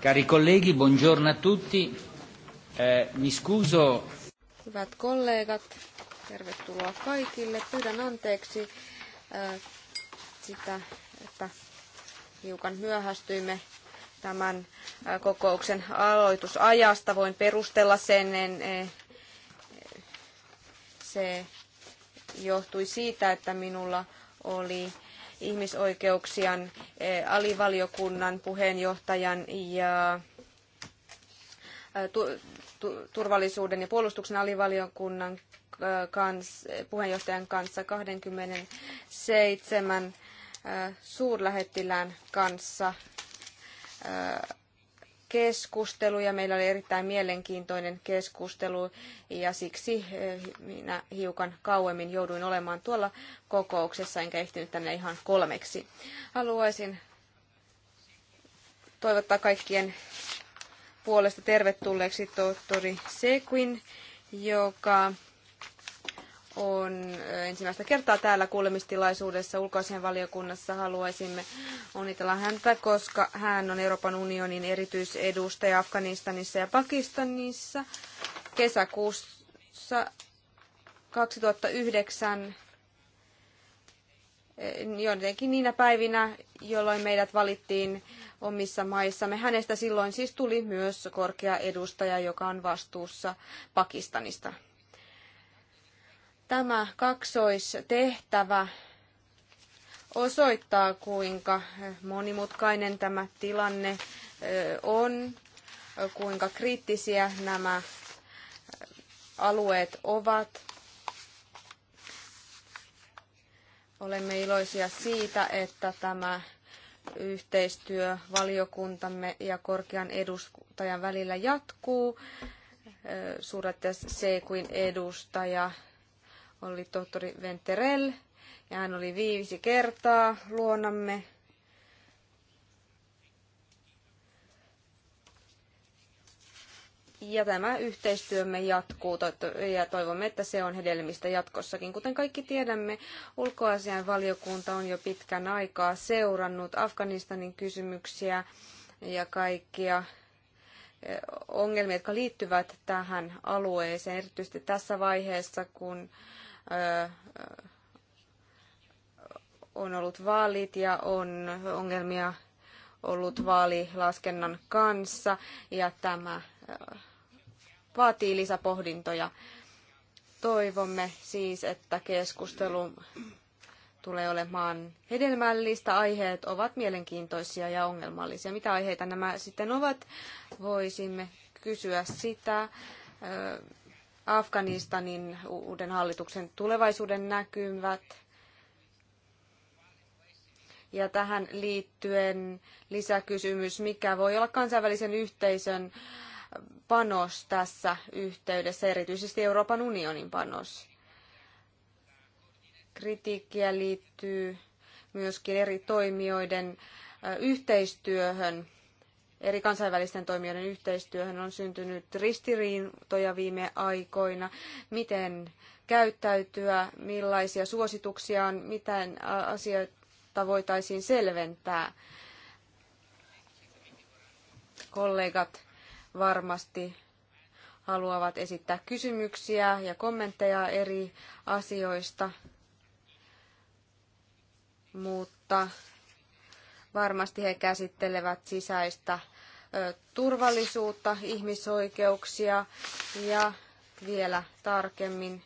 Cari colleghi, buongiorno a tutti. Eh, mi scuso. Hyvät kollegat, tervetuloa kaikille. Pyydän anteeksi äh, sitä, että hiukan myöhästyimme tämän äh, kokouksen aloitusajasta. Voin perustella sen. En, eh, se johtui siitä, että minulla oli ihmisoikeuksien Eh, alivaliokunnan puheenjohtajan ja eh, turvallisuuden ja puolustuksen alivaliokunnan eh, kans, puheenjohtajan kanssa 27 suurlähettilään kanssa keskustelu ja meillä oli erittäin mielenkiintoinen keskustelu ja siksi eh, minä hiukan kauemmin jouduin olemaan tuolla kokouksessa enkä ehtinyt tänne ihan kolmeksi. Haluaisin toivottaa kaikkien puolesta tervetulleeksi tohtori Sequin, joka on ensimmäistä kertaa täällä kuulemistilaisuudessa valiokunnassa Haluaisimme onnitella häntä, koska hän on Euroopan unionin erityisedustaja Afganistanissa ja Pakistanissa. Kesäkuussa 2009 jotenkin niinä päivinä, jolloin meidät valittiin omissa maissamme. Hänestä silloin siis tuli myös korkea edustaja, joka on vastuussa Pakistanista. Tämä kaksoistehtävä osoittaa, kuinka monimutkainen tämä tilanne on, kuinka kriittisiä nämä alueet ovat. Olemme iloisia siitä, että tämä yhteistyö valiokuntamme ja korkean edustajan välillä jatkuu. Suuret C edustaja oli tohtori Venterell, ja hän oli viisi kertaa luonamme. Ja tämä yhteistyömme jatkuu ja toivomme, että se on hedelmistä jatkossakin. Kuten kaikki tiedämme, ulkoasian valiokunta on jo pitkän aikaa seurannut Afganistanin kysymyksiä ja kaikkia eh, ongelmia, jotka liittyvät tähän alueeseen, erityisesti tässä vaiheessa, kun on ollut vaalit ja on ongelmia ollut vaalilaskennan kanssa ja tämä vaatii lisäpohdintoja. Toivomme siis, että keskustelu tulee olemaan hedelmällistä. Aiheet ovat mielenkiintoisia ja ongelmallisia. Mitä aiheita nämä sitten ovat? Voisimme kysyä sitä Afganistanin uuden hallituksen tulevaisuuden näkymät. Ja tähän liittyen lisäkysymys, mikä voi olla kansainvälisen yhteisön panos tässä yhteydessä, erityisesti Euroopan unionin panos. Kritiikkiä liittyy myöskin eri toimijoiden yhteistyöhön eri kansainvälisten toimijoiden yhteistyöhön on syntynyt ristiriitoja viime aikoina. Miten käyttäytyä, millaisia suosituksia on, miten asioita voitaisiin selventää. Kollegat varmasti haluavat esittää kysymyksiä ja kommentteja eri asioista, mutta Varmasti he käsittelevät sisäistä turvallisuutta, ihmisoikeuksia ja vielä tarkemmin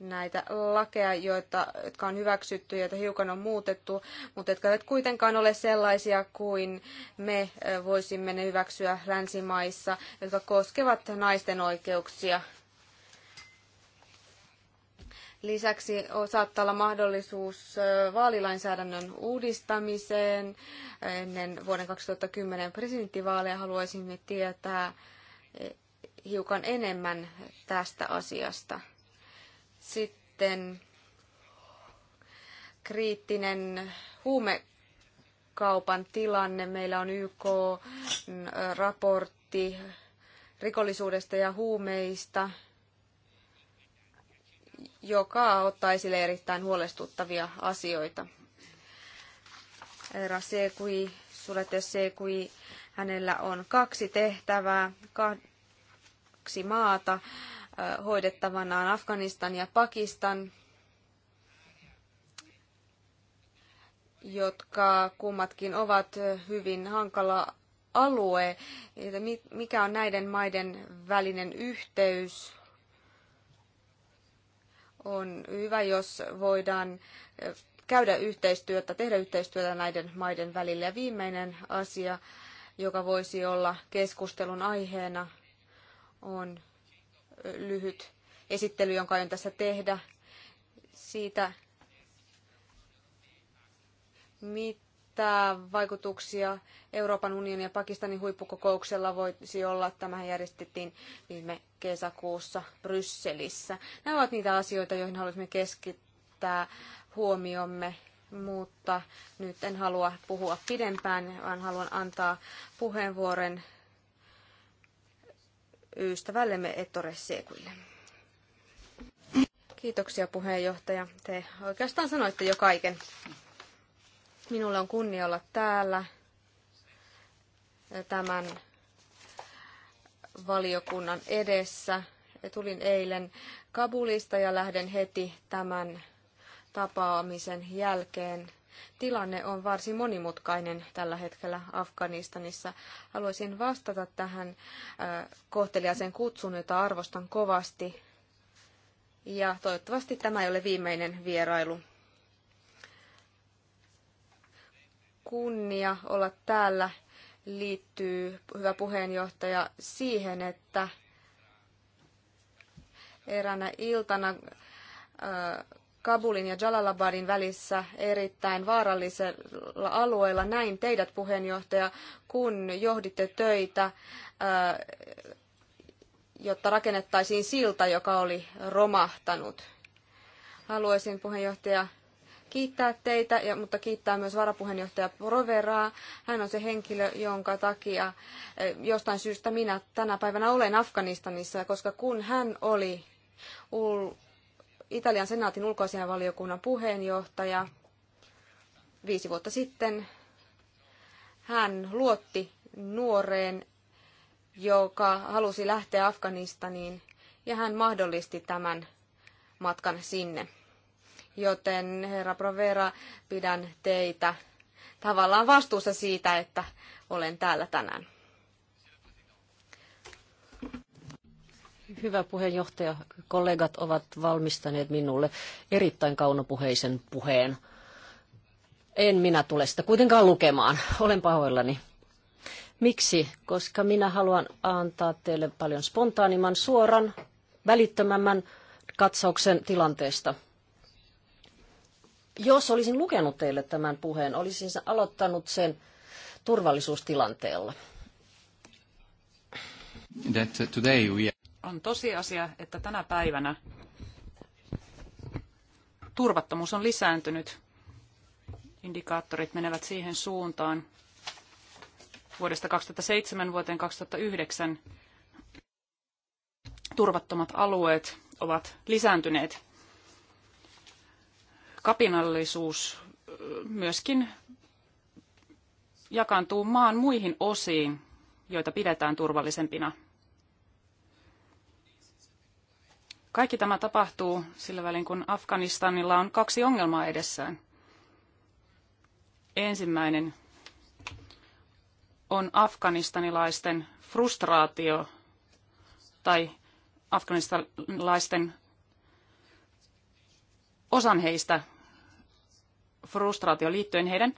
näitä lakeja, joita, jotka on hyväksytty, joita hiukan on muutettu, mutta jotka eivät kuitenkaan ole sellaisia kuin me voisimme ne hyväksyä länsimaissa, jotka koskevat naisten oikeuksia Lisäksi saattaa olla mahdollisuus vaalilainsäädännön uudistamiseen ennen vuoden 2010 presidenttivaaleja. Haluaisimme tietää e, hiukan enemmän tästä asiasta. Sitten kriittinen huumekaupan tilanne. Meillä on YK-raportti mm, rikollisuudesta ja huumeista – joka ottaa esille erittäin huolestuttavia asioita. Herra Sekui, sulete Sekui, hänellä on kaksi tehtävää, kaksi maata hoidettavanaan Afganistan ja Pakistan, jotka kummatkin ovat hyvin hankala alue. Mikä on näiden maiden välinen yhteys? on hyvä, jos voidaan eh, käydä yhteistyötä, tehdä yhteistyötä näiden maiden välillä. Ja viimeinen asia, joka voisi olla keskustelun aiheena, on eh, lyhyt esittely, jonka aion tässä tehdä siitä, mit, mitä vaikutuksia Euroopan unionin ja Pakistanin huippukokouksella voisi olla. Tämä järjestettiin viime kesäkuussa Brysselissä. Nämä ovat niitä asioita, joihin haluaisimme keskittää huomiomme, mutta nyt en halua puhua pidempään, vaan haluan antaa puheenvuoron ystävällemme Ettore Sekuille. Kiitoksia puheenjohtaja. Te oikeastaan sanoitte jo kaiken. Minulla on kunnia olla täällä tämän valiokunnan edessä. Tulin eilen Kabulista ja lähden heti tämän tapaamisen jälkeen. Tilanne on varsin monimutkainen tällä hetkellä Afganistanissa. Haluaisin vastata tähän kohteliaisen kutsun, jota arvostan kovasti. Ja toivottavasti tämä ei ole viimeinen vierailu kunnia olla täällä liittyy, hyvä puheenjohtaja, siihen, että eräänä iltana Kabulin ja Jalalabadin välissä erittäin vaarallisella alueella näin teidät puheenjohtaja, kun johditte töitä, jotta rakennettaisiin silta, joka oli romahtanut. Haluaisin puheenjohtaja kiittää teitä, ja, mutta kiittää myös varapuheenjohtaja Proveraa. Hän on se henkilö, jonka takia e, jostain syystä minä tänä päivänä olen Afganistanissa, koska kun hän oli Italian senaatin ulkoasianvaliokunnan puheenjohtaja viisi vuotta sitten, hän luotti nuoreen, joka halusi lähteä Afganistaniin, ja hän mahdollisti tämän matkan sinne. Joten herra Provera, pidän teitä tavallaan vastuussa siitä, että olen täällä tänään. Hyvä puheenjohtaja. Kollegat ovat valmistaneet minulle erittäin kaunopuheisen puheen. En minä tule sitä kuitenkaan lukemaan. Olen pahoillani. Miksi? Koska minä haluan antaa teille paljon spontaanimman, suoran, välittömämmän katsauksen tilanteesta – jos olisin lukenut teille tämän puheen, olisin aloittanut sen turvallisuustilanteella. That uh, today we... On tosiasia, että tänä päivänä turvattomuus on lisääntynyt. Indikaattorit menevät siihen suuntaan. Vuodesta 2007 vuoteen 2009 turvattomat alueet ovat lisääntyneet kapinallisuus myöskin jakaantuu maan muihin osiin, joita pidetään turvallisempina. Kaikki tämä tapahtuu sillä välin, kun Afganistanilla on kaksi ongelmaa edessään. Ensimmäinen on afganistanilaisten frustraatio tai afganistanilaisten osan heistä frustraatio liittyen heidän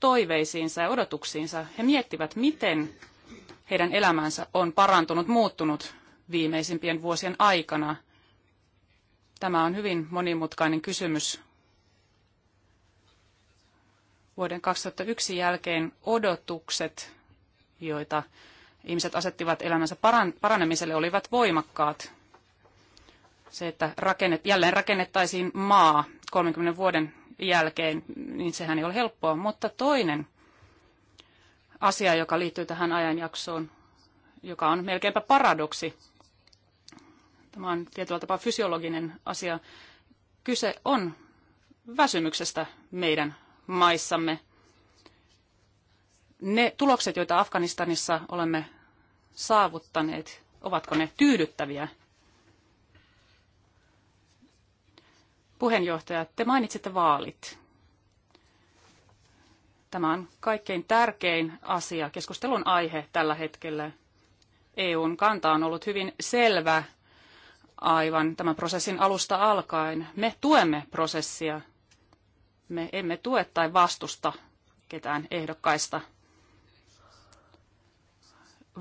toiveisiinsa ja odotuksiinsa. He miettivät, miten heidän elämänsä on parantunut, muuttunut viimeisimpien vuosien aikana. Tämä on hyvin monimutkainen kysymys. Vuoden 2001 jälkeen odotukset, joita ihmiset asettivat elämänsä paranemiselle, olivat voimakkaat. Se, että rakennet, jälleen rakennettaisiin maa 30 vuoden jälkeen, niin sehän ei ole helppoa. Mutta toinen asia, joka liittyy tähän ajanjaksoon, joka on melkeinpä paradoksi, tämä on tietyllä tapaa fysiologinen asia, kyse on väsymyksestä meidän maissamme. Ne tulokset, joita Afganistanissa olemme saavuttaneet, ovatko ne tyydyttäviä Puheenjohtaja, te mainitsitte vaalit. Tämä on kaikkein tärkein asia, keskustelun aihe tällä hetkellä. EUn kanta on ollut hyvin selvä aivan tämän prosessin alusta alkaen. Me tuemme prosessia. Me emme tue tai vastusta ketään ehdokkaista.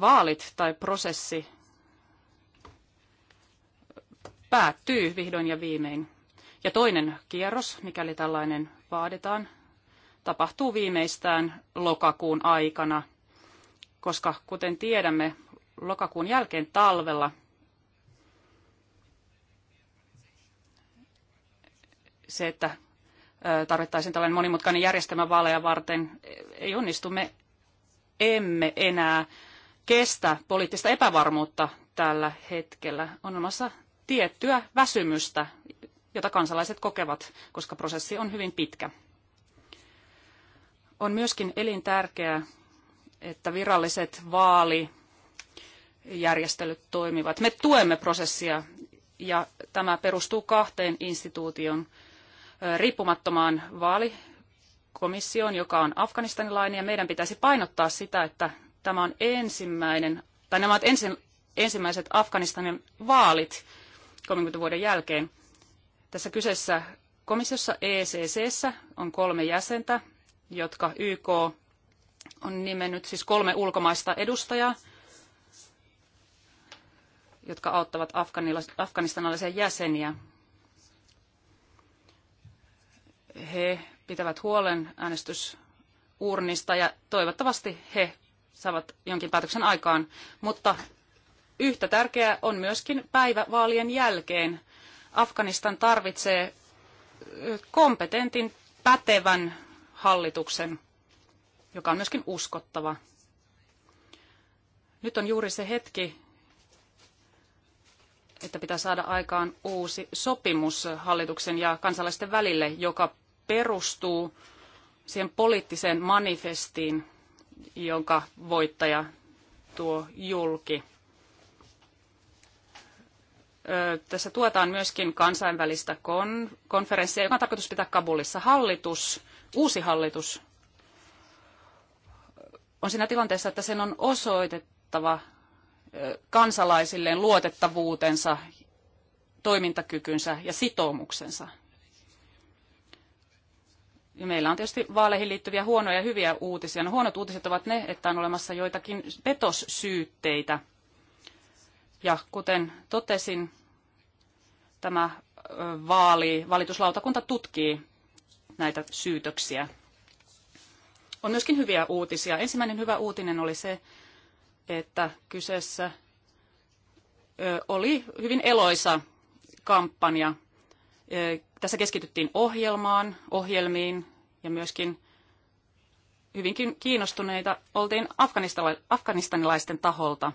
Vaalit tai prosessi päättyy vihdoin ja viimein. Ja toinen kierros, mikäli tällainen vaaditaan, tapahtuu viimeistään lokakuun aikana, koska kuten tiedämme, lokakuun jälkeen talvella se, että tarvittaisiin tällainen monimutkainen järjestelmä vaaleja varten, ei onnistu. Me emme enää kestä poliittista epävarmuutta tällä hetkellä. On olemassa tiettyä väsymystä jota kansalaiset kokevat, koska prosessi on hyvin pitkä. On myöskin elintärkeää, että viralliset vaalijärjestelyt toimivat. Me tuemme prosessia ja tämä perustuu kahteen instituution riippumattomaan vaalikomissioon, joka on afganistanilainen, ja meidän pitäisi painottaa sitä, että tämä on ensimmäinen, tai nämä ovat ensin, ensimmäiset Afganistanin vaalit 30 vuoden jälkeen. Tässä kyseessä komissiossa ECCssä on kolme jäsentä, jotka YK on nimennyt siis kolme ulkomaista edustajaa, jotka auttavat afganistanilaisia jäseniä. He pitävät huolen äänestysurnista ja toivottavasti he saavat jonkin päätöksen aikaan. Mutta yhtä tärkeää on myöskin päivävaalien jälkeen Afganistan tarvitsee kompetentin, pätevän hallituksen, joka on myöskin uskottava. Nyt on juuri se hetki, että pitää saada aikaan uusi sopimus hallituksen ja kansalaisten välille, joka perustuu siihen poliittiseen manifestiin, jonka voittaja tuo julki tässä tuetaan myöskin kansainvälistä kon- konferenssia, joka on tarkoitus pitää Kabulissa. Hallitus, uusi hallitus, on siinä tilanteessa, että sen on osoitettava kansalaisilleen luotettavuutensa, toimintakykynsä ja sitoumuksensa. Ja meillä on tietysti vaaleihin liittyviä huonoja ja hyviä uutisia. No, huonot uutiset ovat ne, että on olemassa joitakin petossyytteitä. Ja kuten totesin, tämä vaali, valituslautakunta tutkii näitä syytöksiä. On myöskin hyviä uutisia. Ensimmäinen hyvä uutinen oli se, että kyseessä oli hyvin eloisa kampanja. Tässä keskityttiin ohjelmaan, ohjelmiin ja myöskin hyvinkin kiinnostuneita oltiin afganistanilaisten taholta.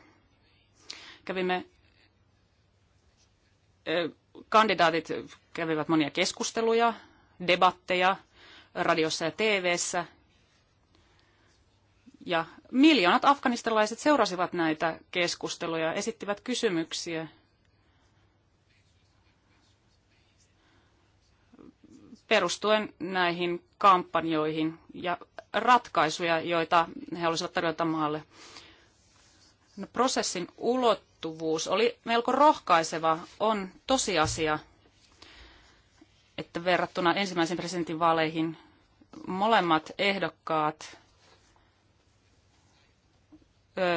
Kävimme kandidaatit kävivät monia keskusteluja, debatteja radiossa ja TVssä. Ja miljoonat afganistalaiset seurasivat näitä keskusteluja, esittivät kysymyksiä. perustuen näihin kampanjoihin ja ratkaisuja, joita he olisivat tarjota maalle. No, prosessin ulot, ulottuvuus oli melko rohkaiseva, on tosiasia, että verrattuna ensimmäisen presidentinvaaleihin molemmat ehdokkaat,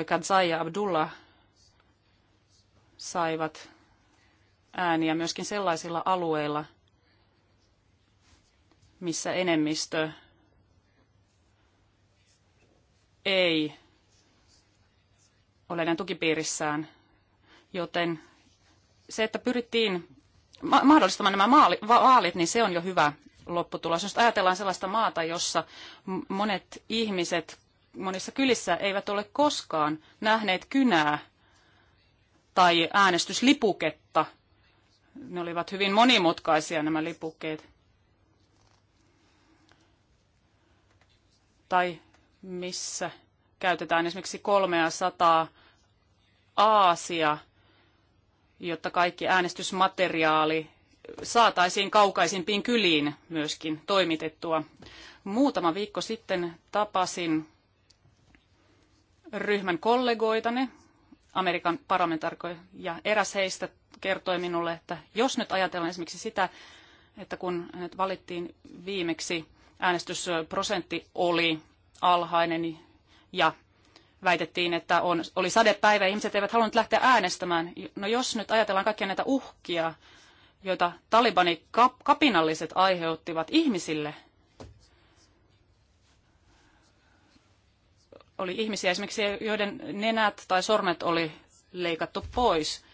Kadzai ja Abdullah, saivat ääniä myöskin sellaisilla alueilla, missä enemmistö ei ole enää tukipiirissään. Joten se, että pyrittiin mahdollistamaan nämä maali, vaalit, niin se on jo hyvä lopputulos. Jos ajatellaan sellaista maata, jossa monet ihmiset monissa kylissä eivät ole koskaan nähneet kynää tai äänestyslipuketta. Ne olivat hyvin monimutkaisia nämä lipukkeet. Tai missä käytetään esimerkiksi 300 aasia jotta kaikki äänestysmateriaali saataisiin kaukaisimpiin kyliin myöskin toimitettua. Muutama viikko sitten tapasin ryhmän kollegoitani, Amerikan parlamentarkoja, ja eräs heistä kertoi minulle, että jos nyt ajatellaan esimerkiksi sitä, että kun hänet valittiin viimeksi, äänestysprosentti oli alhainen ja väitettiin, että on, oli sadepäivä ja ihmiset eivät halunneet lähteä äänestämään. No jos nyt ajatellaan kaikkia näitä uhkia, joita Talibani kapinalliset aiheuttivat ihmisille, oli ihmisiä esimerkiksi, joiden nenät tai sormet oli leikattu pois.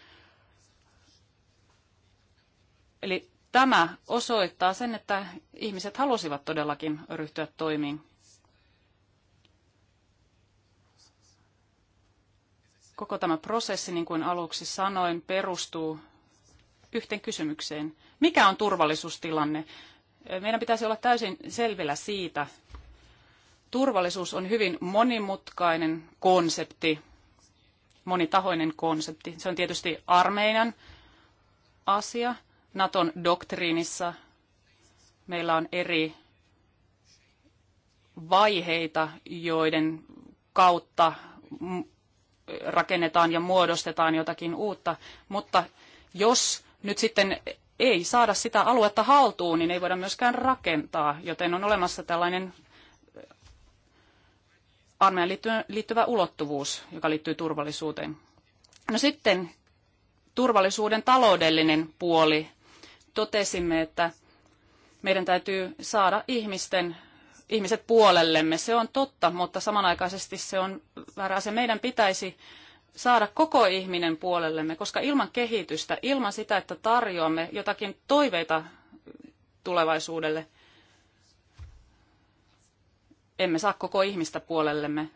Eli tämä osoittaa sen, että ihmiset halusivat todellakin ryhtyä toimiin. Koko tämä prosessi, niin kuin aluksi sanoin, perustuu yhteen kysymykseen. Mikä on turvallisuustilanne? Meidän pitäisi olla täysin selvillä siitä. Turvallisuus on hyvin monimutkainen konsepti, monitahoinen konsepti. Se on tietysti armeijan asia. Naton doktriinissa meillä on eri vaiheita, joiden kautta rakennetaan ja muodostetaan jotakin uutta, mutta jos nyt sitten ei saada sitä aluetta haltuun, niin ei voida myöskään rakentaa, joten on olemassa tällainen eh, armeijan liittyvä ulottuvuus, joka liittyy turvallisuuteen. No sitten turvallisuuden taloudellinen puoli. Totesimme, että meidän täytyy saada ihmisten ihmiset puolellemme. Se on totta, mutta samanaikaisesti se on väärä asia. Meidän pitäisi saada koko ihminen puolellemme, koska ilman kehitystä, ilman sitä, että tarjoamme jotakin toiveita tulevaisuudelle, emme saa koko ihmistä puolellemme.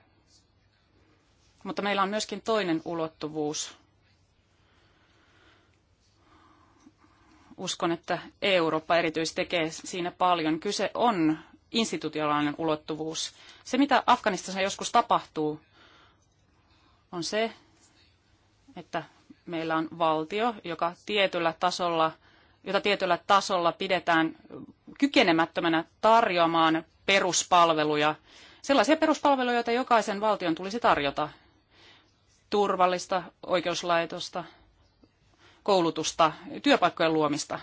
Mutta meillä on myöskin toinen ulottuvuus. Uskon, että Eurooppa erityisesti tekee siinä paljon. Kyse on institutionaalinen ulottuvuus. Se, mitä Afganistassa joskus tapahtuu, on se, että meillä on valtio, joka tietyllä tasolla, jota tietyllä tasolla pidetään kykenemättömänä tarjoamaan peruspalveluja, sellaisia peruspalveluja, joita jokaisen valtion tulisi tarjota. Turvallista oikeuslaitosta, koulutusta, työpaikkojen luomista,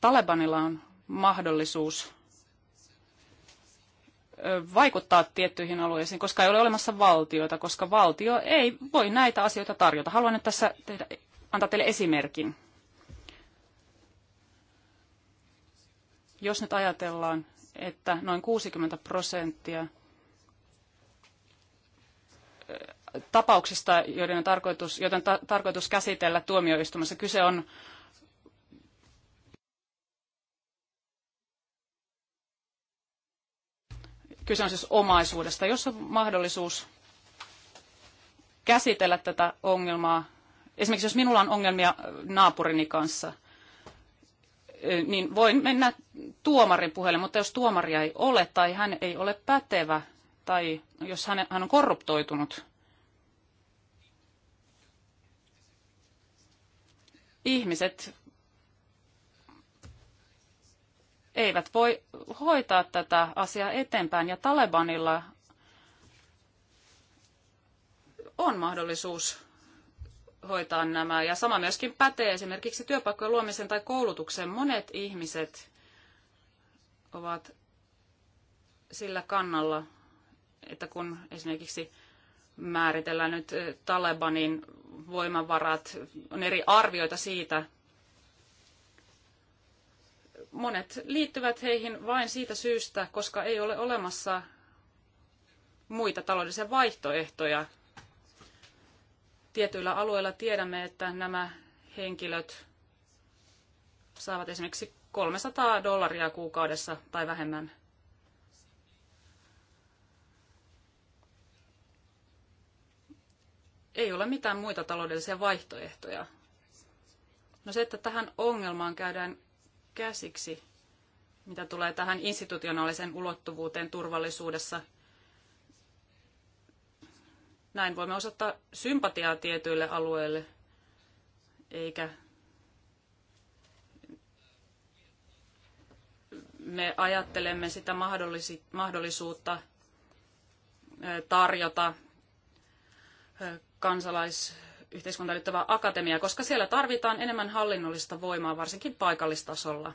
Talebanilla on mahdollisuus vaikuttaa tiettyihin alueisiin, koska ei ole olemassa valtioita, koska valtio ei voi näitä asioita tarjota. Haluan nyt tässä tehdä, antaa teille esimerkin. Jos nyt ajatellaan, että noin 60 prosenttia tapauksista, joiden on tarkoitus, joiden ta- tarkoitus käsitellä tuomioistumassa, kyse on Kyse on siis omaisuudesta. Jos on mahdollisuus käsitellä tätä ongelmaa, esimerkiksi jos minulla on ongelmia äh, naapurini kanssa, niin voin mennä tuomarin puheelle, mutta jos tuomaria ei ole tai hän ei ole pätevä tai jos hän on korruptoitunut, ihmiset eivät voi hoitaa tätä asiaa eteenpäin. Ja Talebanilla on mahdollisuus hoitaa nämä. Ja sama myöskin pätee esimerkiksi työpaikkojen luomisen tai koulutukseen. Monet ihmiset ovat sillä kannalla, että kun esimerkiksi määritellään nyt Talebanin voimavarat, on eri arvioita siitä, monet liittyvät heihin vain siitä syystä, koska ei ole olemassa muita taloudellisia vaihtoehtoja. Tietyillä alueilla tiedämme, että nämä henkilöt saavat esimerkiksi 300 dollaria kuukaudessa tai vähemmän. Ei ole mitään muita taloudellisia vaihtoehtoja. No se, että tähän ongelmaan käydään siksi, mitä tulee tähän institutionaaliseen ulottuvuuteen turvallisuudessa. Näin voimme osoittaa sympatiaa tietyille alueille, eikä me ajattelemme sitä mahdollisuutta tarjota kansalaisille Yhteiskuntaliittova akatemia, koska siellä tarvitaan enemmän hallinnollista voimaa, varsinkin paikallistasolla.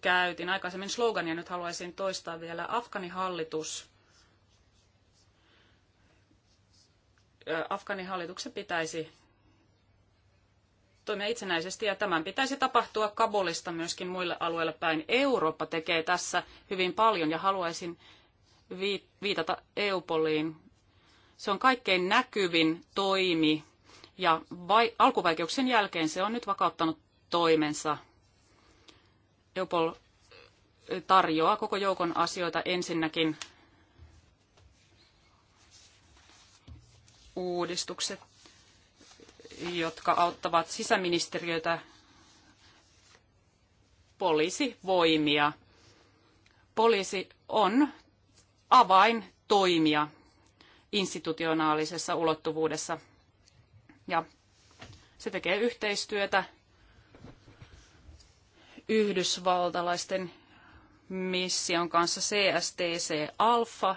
Käytin aikaisemmin slogania, nyt haluaisin toistaa vielä. Afganihallitus. Afganihallituksen pitäisi toimia itsenäisesti ja tämän pitäisi tapahtua Kabulista myöskin muille alueille päin. Eurooppa tekee tässä hyvin paljon ja haluaisin viitata EUPOLiin, se on kaikkein näkyvin toimi ja vai, alkuvaikeuksien jälkeen se on nyt vakauttanut toimensa. Eupol tarjoaa koko joukon asioita ensinnäkin uudistukset, jotka auttavat sisäministeriötä, poliisivoimia. Poliisi on avain toimia institutionaalisessa ulottuvuudessa. Ja se tekee yhteistyötä yhdysvaltalaisten mission kanssa CSTC Alpha,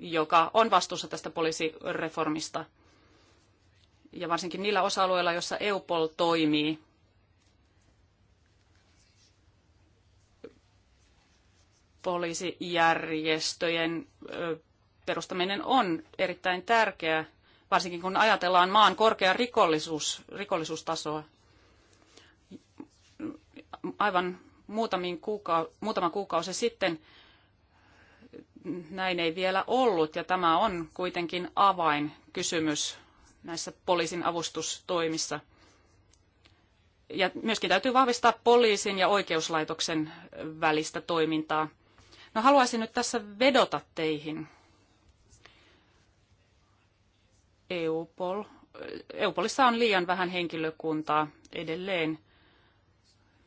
joka on vastuussa tästä poliisireformista. Ja varsinkin niillä osa-alueilla, joissa EUPOL toimii, poliisijärjestöjen perustaminen on erittäin tärkeää, varsinkin kun ajatellaan maan korkeaa rikollisuus, rikollisuustasoa. Aivan muutamin kuuka- muutama kuukausi sitten näin ei vielä ollut, ja tämä on kuitenkin avainkysymys näissä poliisin avustustoimissa. Ja myöskin täytyy vahvistaa poliisin ja oikeuslaitoksen välistä toimintaa. No haluaisin nyt tässä vedota teihin. EUPOL. EUPOLissa on liian vähän henkilökuntaa edelleen.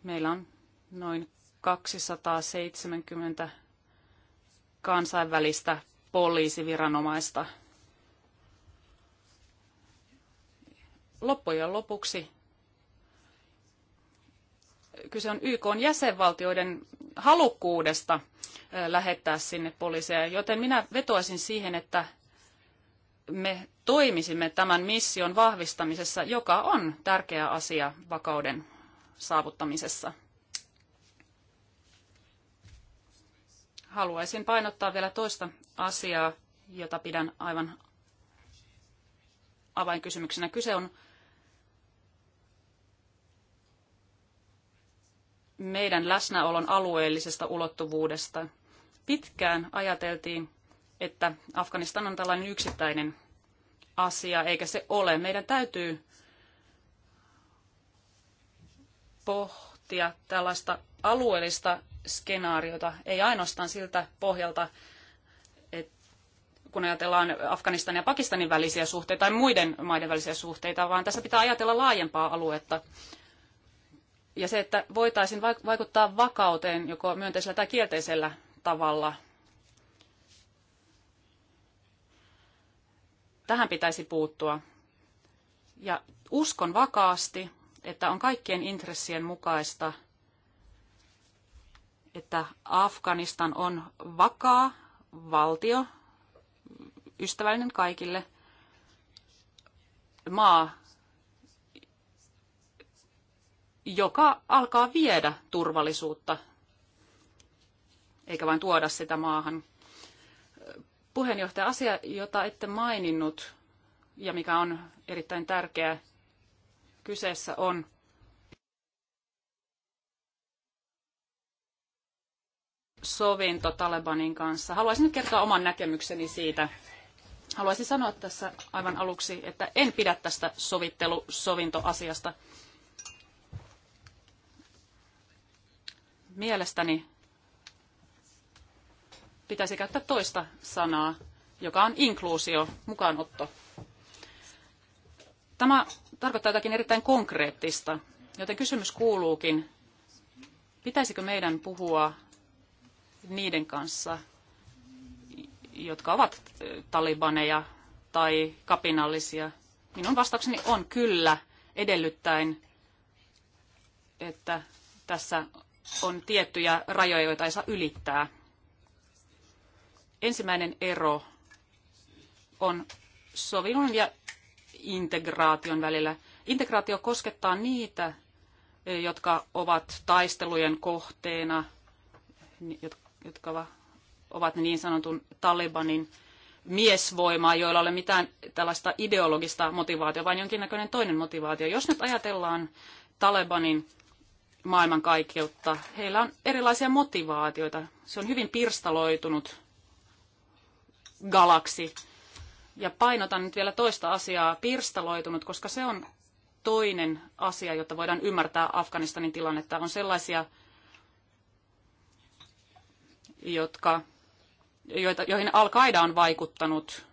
Meillä on noin 270 kansainvälistä poliisiviranomaista. Loppujen lopuksi kyse on YK on jäsenvaltioiden halukkuudesta lähettää sinne poliiseja, joten minä vetoaisin siihen, että me toimisimme tämän mission vahvistamisessa, joka on tärkeä asia vakauden saavuttamisessa. Haluaisin painottaa vielä toista asiaa, jota pidän aivan avainkysymyksenä. Kyse on meidän läsnäolon alueellisesta ulottuvuudesta. Pitkään ajateltiin, että Afganistan on tällainen yksittäinen asia, eikä se ole. Meidän täytyy pohtia tällaista alueellista skenaariota, ei ainoastaan siltä pohjalta, että kun ajatellaan Afganistanin ja Pakistanin välisiä suhteita tai muiden maiden välisiä suhteita, vaan tässä pitää ajatella laajempaa aluetta. Ja se, että voitaisiin vaikuttaa vakauteen joko myönteisellä tai kielteisellä tavalla – Tähän pitäisi puuttua. Ja uskon vakaasti, että on kaikkien intressien mukaista, että Afganistan on vakaa valtio, ystävällinen kaikille maa, joka alkaa viedä turvallisuutta, eikä vain tuoda sitä maahan. Puheenjohtaja, asia, jota ette maininnut ja mikä on erittäin tärkeä kyseessä on sovinto Talebanin kanssa. Haluaisin nyt kertoa oman näkemykseni siitä. Haluaisin sanoa tässä aivan aluksi, että en pidä tästä sovittelu-sovintoasiasta. Mielestäni pitäisi käyttää toista sanaa, joka on inkluusio, mukaanotto. Tämä tarkoittaa jotakin erittäin konkreettista, joten kysymys kuuluukin, pitäisikö meidän puhua niiden kanssa, jotka ovat talibaneja tai kapinallisia? Minun vastaukseni on kyllä, edellyttäen, että tässä on tiettyjä rajoja, joita ei saa ylittää. Ensimmäinen ero on sovinnon ja integraation välillä. Integraatio koskettaa niitä, jotka ovat taistelujen kohteena, jotka ovat niin sanotun Talibanin miesvoimaa, joilla ei ole mitään tällaista ideologista motivaatiota, vaan jonkinnäköinen toinen motivaatio. Jos nyt ajatellaan Talebanin maailmankaikkeutta, heillä on erilaisia motivaatioita. Se on hyvin pirstaloitunut galaksi. Ja painotan nyt vielä toista asiaa, pirstaloitunut, koska se on toinen asia, jotta voidaan ymmärtää Afganistanin tilannetta. On sellaisia, jotka, joita, joihin Al-Qaida on vaikuttanut.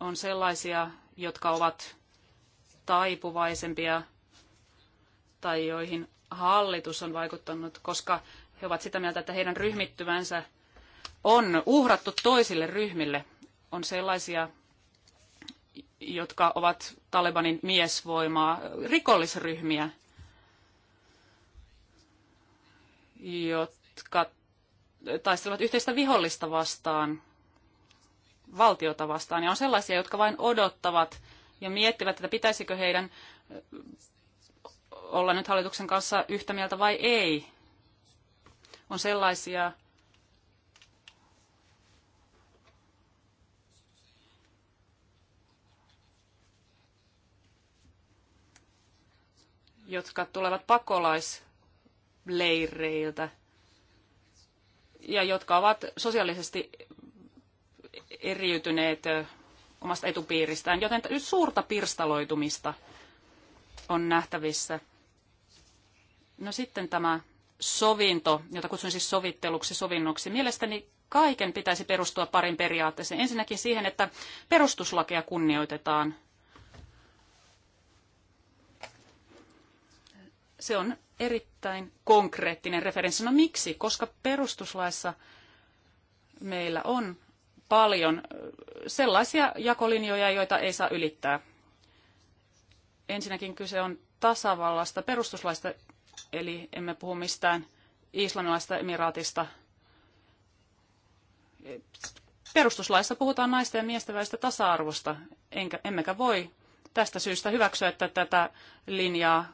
On sellaisia, jotka ovat taipuvaisempia tai joihin hallitus on vaikuttanut, koska he ovat sitä mieltä, että heidän ryhmittymänsä on uhrattu toisille ryhmille. On sellaisia, jotka ovat Talebanin miesvoimaa, rikollisryhmiä, jotka taistelevat yhteistä vihollista vastaan, valtiota vastaan. Ja on sellaisia, jotka vain odottavat ja miettivät, että pitäisikö heidän olla nyt hallituksen kanssa yhtä mieltä vai ei. On sellaisia jotka tulevat pakolaisleireiltä ja jotka ovat sosiaalisesti eriytyneet omasta etupiiristään, joten suurta pirstaloitumista on nähtävissä. No sitten tämä sovinto, jota kutsun siis sovitteluksi, sovinnoksi. Mielestäni kaiken pitäisi perustua parin periaatteeseen. Ensinnäkin siihen, että perustuslakia kunnioitetaan. Se on erittäin konkreettinen referenssi. No miksi? Koska perustuslaissa meillä on paljon sellaisia jakolinjoja, joita ei saa ylittää. Ensinnäkin kyse on tasavallasta, perustuslaista, Eli emme puhu mistään islamilaisesta emiraatista. Perustuslaissa puhutaan naisten ja miesten välistä tasa-arvosta, enkä, emmekä voi tästä syystä hyväksyä, että tätä linjaa,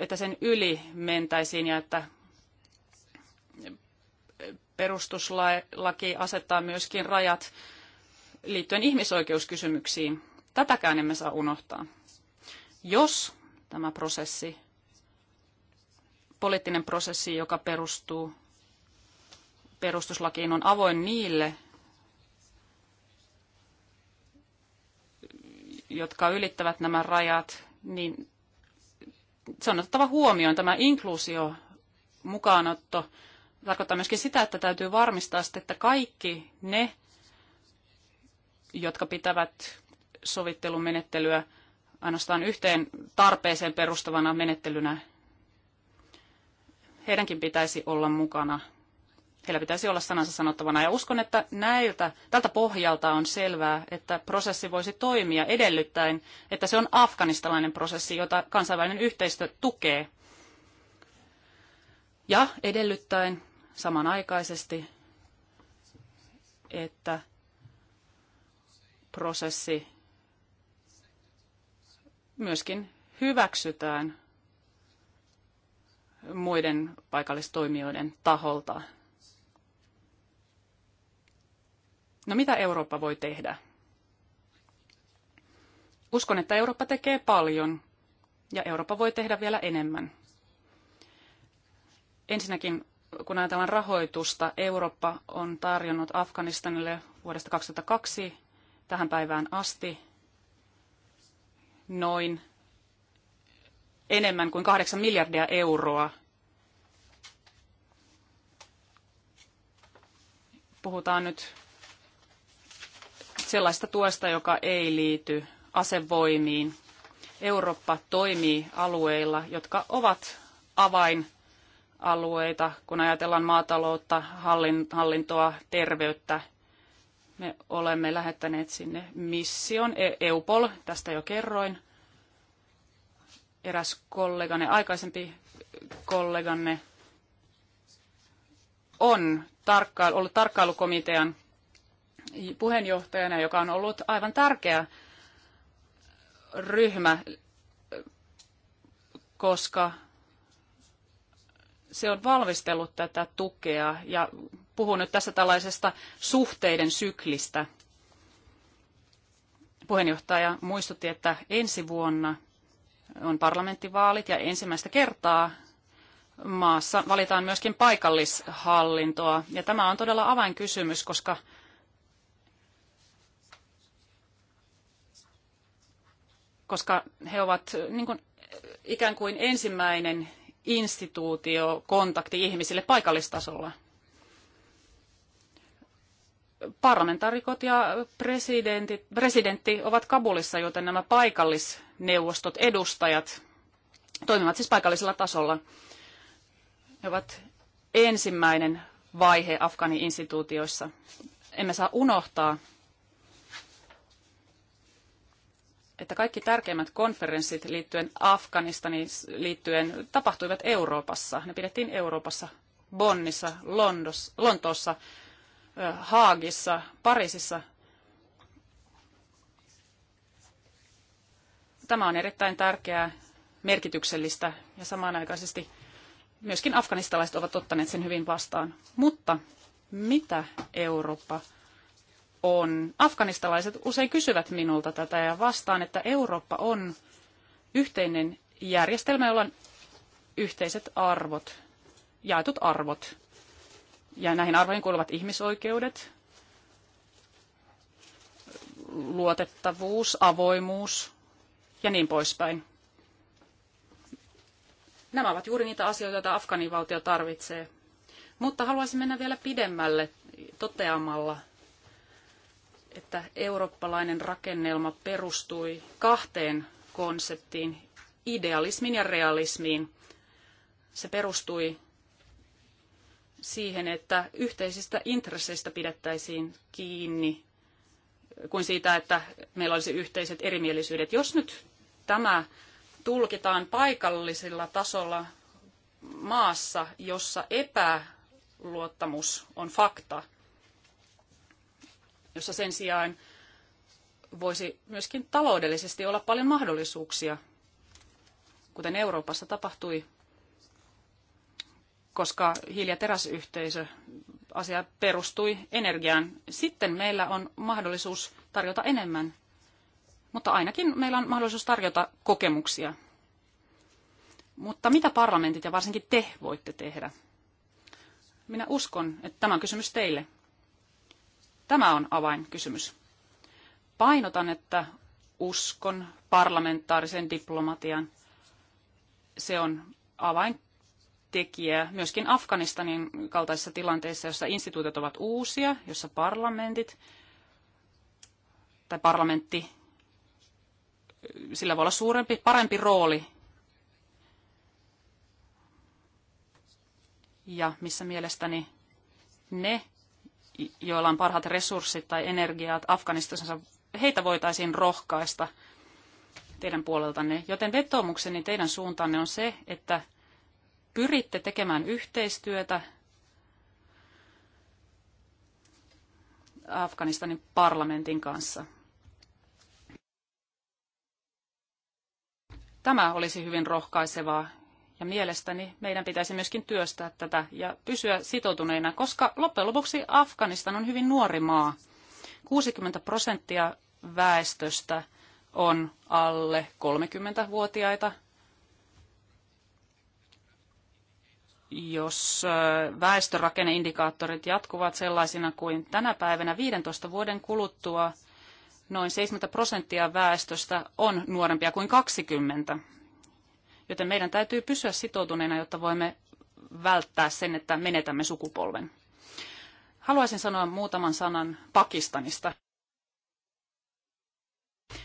että sen yli mentäisiin ja että perustuslaki asettaa myöskin rajat liittyen ihmisoikeuskysymyksiin. Tätäkään emme saa unohtaa. Jos tämä prosessi poliittinen prosessi, joka perustuu perustuslakiin, on avoin niille, jotka ylittävät nämä rajat, niin se on otettava huomioon. Tämä inkluusio mukaanotto tarkoittaa myöskin sitä, että täytyy varmistaa sitten, että kaikki ne, jotka pitävät sovittelumenettelyä ainoastaan yhteen tarpeeseen perustavana menettelynä, heidänkin pitäisi olla mukana. Heillä pitäisi olla sanansa sanottavana. Ja uskon, että näiltä, tältä pohjalta on selvää, että prosessi voisi toimia edellyttäen, että se on afganistalainen prosessi, jota kansainvälinen yhteistyö tukee. Ja edellyttäen samanaikaisesti, että prosessi myöskin hyväksytään muiden paikallistoimijoiden taholta. No mitä Eurooppa voi tehdä? Uskon, että Eurooppa tekee paljon ja Eurooppa voi tehdä vielä enemmän. Ensinnäkin, kun ajatellaan rahoitusta, Eurooppa on tarjonnut Afganistanille vuodesta 2002 tähän päivään asti noin enemmän kuin 8 miljardia euroa. Puhutaan nyt sellaista tuosta, joka ei liity asevoimiin. Eurooppa toimii alueilla, jotka ovat avainalueita, kun ajatellaan maataloutta, hallintoa, terveyttä. Me olemme lähettäneet sinne mission e- EUPOL, tästä jo kerroin, eräs kolleganne, aikaisempi kolleganne, on tarkkailu, ollut tarkkailukomitean puheenjohtajana, joka on ollut aivan tärkeä ryhmä, koska se on valmistellut tätä tukea ja puhun nyt tässä tällaisesta suhteiden syklistä. Puheenjohtaja muistutti, että ensi vuonna – on parlamenttivaalit ja ensimmäistä kertaa maassa valitaan myöskin paikallishallintoa. Ja tämä on todella avainkysymys, koska koska he ovat niin kuin, ikään kuin ensimmäinen instituutio, kontakti ihmisille paikallistasolla. Parlamentaarikot ja presidentti ovat Kabulissa, joten nämä paikallis neuvostot, edustajat toimivat siis paikallisella tasolla. Ne ovat ensimmäinen vaihe Afgani-instituutioissa. Emme saa unohtaa, että kaikki tärkeimmät konferenssit liittyen Afganistaniin liittyen tapahtuivat Euroopassa. Ne pidettiin Euroopassa, Bonnissa, Lontoossa, Haagissa, Pariisissa, Tämä on erittäin tärkeää, merkityksellistä ja samanaikaisesti myöskin afganistalaiset ovat ottaneet sen hyvin vastaan. Mutta mitä Eurooppa on? Afganistalaiset usein kysyvät minulta tätä ja vastaan, että Eurooppa on yhteinen järjestelmä, jolla on yhteiset arvot, jaetut arvot. Ja näihin arvoihin kuuluvat ihmisoikeudet, luotettavuus, avoimuus, ja niin poispäin. Nämä ovat juuri niitä asioita, joita Afganin valtio tarvitsee. Mutta haluaisin mennä vielä pidemmälle toteamalla, että eurooppalainen rakennelma perustui kahteen konseptiin, idealismiin ja realismiin. Se perustui siihen, että yhteisistä intresseistä pidettäisiin kiinni kuin siitä, että meillä olisi yhteiset erimielisyydet. Jos nyt tämä tulkitaan paikallisilla tasolla maassa, jossa epäluottamus on fakta, jossa sen sijaan voisi myöskin taloudellisesti olla paljon mahdollisuuksia, kuten Euroopassa tapahtui, koska hiili- ja teräsyhteisö asia perustui energiaan. Sitten meillä on mahdollisuus tarjota enemmän mutta ainakin meillä on mahdollisuus tarjota kokemuksia. Mutta mitä parlamentit ja varsinkin te voitte tehdä? Minä uskon, että tämä on kysymys teille. Tämä on avainkysymys. Painotan, että uskon parlamentaarisen diplomatian. Se on avaintekijä myöskin Afganistanin kaltaisissa tilanteissa, jossa instituutiot ovat uusia, jossa parlamentit tai parlamentti sillä voi olla suurempi, parempi rooli. Ja missä mielestäni ne, joilla on parhaat resurssit tai energiaat Afganistanissa, heitä voitaisiin rohkaista teidän puoleltanne. Joten vetoomukseni teidän suuntanne on se, että pyritte tekemään yhteistyötä Afganistanin parlamentin kanssa. Tämä olisi hyvin rohkaisevaa ja mielestäni meidän pitäisi myöskin työstää tätä ja pysyä sitoutuneina, koska loppujen lopuksi Afganistan on hyvin nuori maa. 60 prosenttia väestöstä on alle 30-vuotiaita. Jos äh, väestörakenneindikaattorit jatkuvat sellaisina kuin tänä päivänä 15 vuoden kuluttua – noin 70 prosenttia väestöstä on nuorempia kuin 20. Joten meidän täytyy pysyä sitoutuneena, jotta voimme välttää sen, että menetämme sukupolven. Haluaisin sanoa muutaman sanan Pakistanista.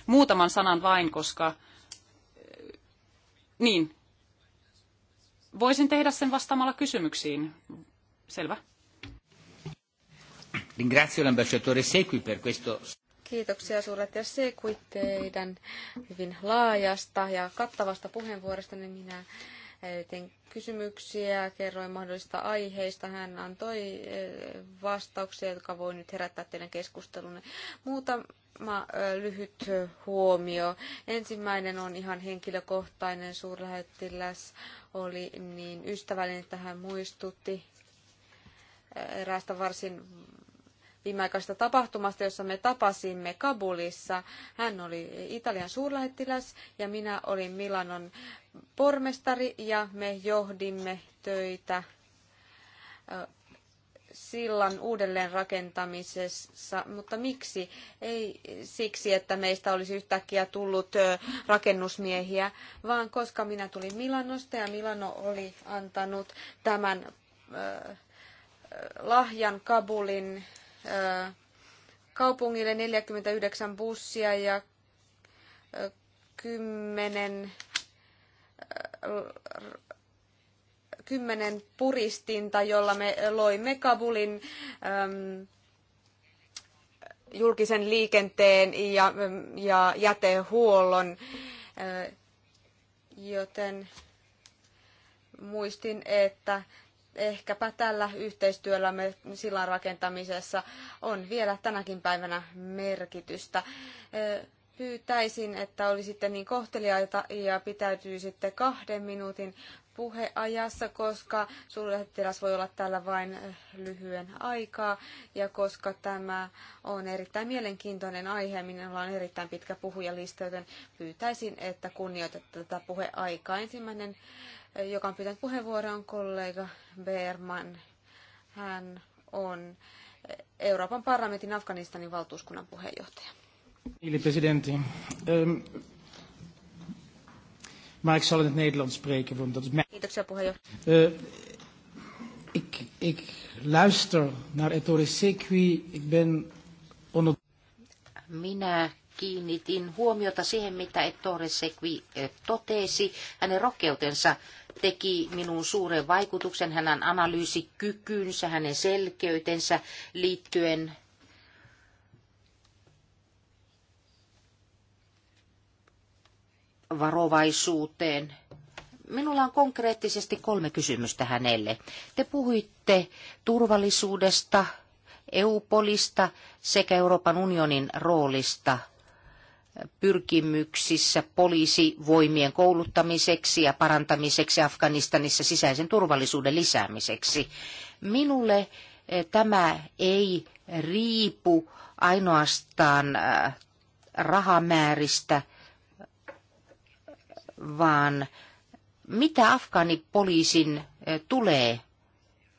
Muutaman sanan vain, koska eh, niin, voisin tehdä sen vastaamalla kysymyksiin. Selvä. Ringrazio l'ambasciatore Sequi per questo. Kiitoksia ja se teidän hyvin laajasta ja kattavasta puheenvuorosta. Niin minä eh, tein kysymyksiä, kerroin mahdollisista aiheista. Hän antoi eh, vastauksia, jotka voi nyt herättää teidän keskustelunne. Muutama eh, lyhyt huomio. Ensimmäinen on ihan henkilökohtainen. Suurlähettiläs oli niin ystävällinen, että hän muistutti eräästä varsin viimeaikaisesta tapahtumasta, jossa me tapasimme Kabulissa. Hän oli Italian suurlähettiläs ja minä olin Milanon pormestari ja me johdimme töitä sillan uudelleenrakentamisessa, mutta miksi? Ei siksi, että meistä olisi yhtäkkiä tullut rakennusmiehiä, vaan koska minä tulin Milanosta ja Milano oli antanut tämän lahjan Kabulin kaupungille 49 bussia ja 10, 10 puristinta, jolla me loimme Kabulin julkisen liikenteen ja, ja jätehuollon, joten muistin, että ehkäpä tällä yhteistyöllämme sillan rakentamisessa on vielä tänäkin päivänä merkitystä. Pyytäisin, että olisitte niin kohteliaita ja pitäytyisitte kahden minuutin puheajassa, koska suurlähettiläs voi olla täällä vain lyhyen aikaa ja koska tämä on erittäin mielenkiintoinen aihe, minulla on erittäin pitkä puhujalista, joten pyytäisin, että kunnioitatte tätä puheaikaa. Ensimmäinen joka on pitänyt puheenvuoroa, on kollega Berman. Hän on Euroopan parlamentin Afganistanin valtuuskunnan puheenjohtaja. Eli presidentti. Um, ehm, maar ik zal in het Nederlands spreken, want dat is mijn... Kiitoksia puheenjohtaja. Uh, ik, ik luister naar Ettore Sequi. Ik ben... Minä kiinnitin huomiota siihen, mitä Ettore Sekvi eh, totesi. Hänen rohkeutensa teki minuun suuren vaikutuksen, hänen analyysikykynsä, hänen selkeytensä liittyen varovaisuuteen. Minulla on konkreettisesti kolme kysymystä hänelle. Te puhuitte turvallisuudesta, EUPOLista sekä Euroopan unionin roolista pyrkimyksissä poliisivoimien kouluttamiseksi ja parantamiseksi Afganistanissa sisäisen turvallisuuden lisäämiseksi. Minulle eh, tämä ei riipu ainoastaan eh, rahamääristä, vaan mitä afgaanipoliisin eh, tulee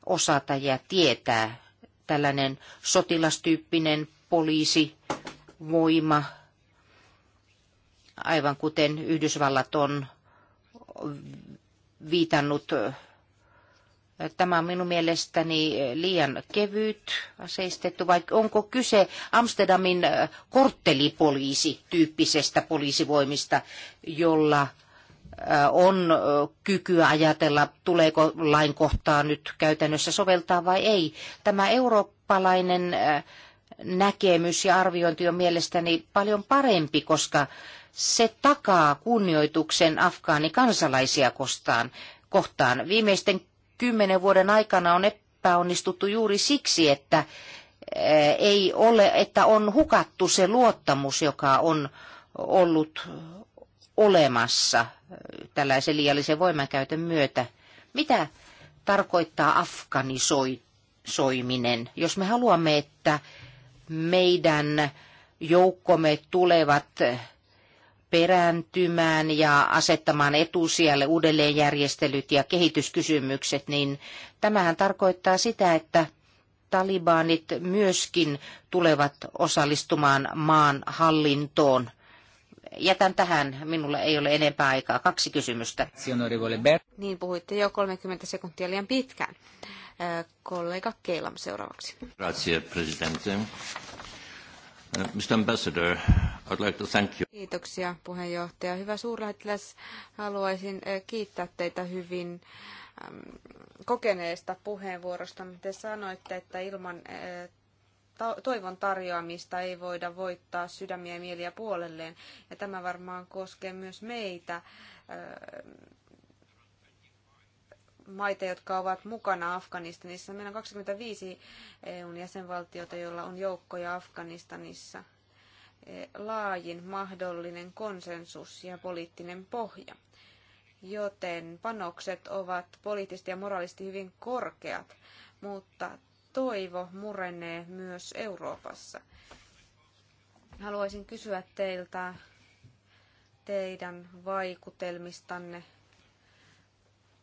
osata ja tietää tällainen sotilastyyppinen poliisivoima, aivan kuten Yhdysvallat on viitannut. Tämä on minun mielestäni liian kevyt aseistettu, vai onko kyse Amsterdamin korttelipoliisi tyyppisestä poliisivoimista, jolla on kykyä ajatella, tuleeko lainkohtaa nyt käytännössä soveltaa vai ei. Tämä eurooppalainen näkemys ja arviointi on mielestäni paljon parempi, koska se takaa kunnioituksen afgaanikansalaisia kohtaan. Viimeisten kymmenen vuoden aikana on epäonnistuttu juuri siksi, että eh, ei ole, että on hukattu se luottamus, joka on ollut olemassa eh, tällaisen liiallisen voimankäytön myötä. Mitä tarkoittaa afganisoiminen, jos me haluamme, että meidän joukkomme tulevat eh, perääntymään ja asettamaan etusijalle uudelleenjärjestelyt ja kehityskysymykset, niin tämähän tarkoittaa sitä, että talibanit myöskin tulevat osallistumaan maan hallintoon. Jätän tähän, minulle ei ole enempää aikaa. Kaksi kysymystä. Niin puhuitte jo 30 sekuntia liian pitkään. Kollega Keilam seuraavaksi. Grazie, presidente. Uh, Mr. Ambassador, I'd like to thank you. Kiitoksia puheenjohtaja. Hyvä suurlähettiläs, haluaisin uh, kiittää teitä hyvin um, kokeneesta puheenvuorosta. Te sanoitte, että ilman uh, toivon tarjoamista ei voida voittaa sydämiä ja mieliä puolelleen. Ja tämä varmaan koskee myös meitä maita, jotka ovat mukana Afganistanissa. Meillä on 25 EUn jäsenvaltiota, joilla on joukkoja Afganistanissa. E, laajin mahdollinen konsensus ja poliittinen pohja. Joten panokset ovat poliittisesti ja moraalisesti hyvin korkeat, mutta toivo murenee myös Euroopassa. Haluaisin kysyä teiltä teidän vaikutelmistanne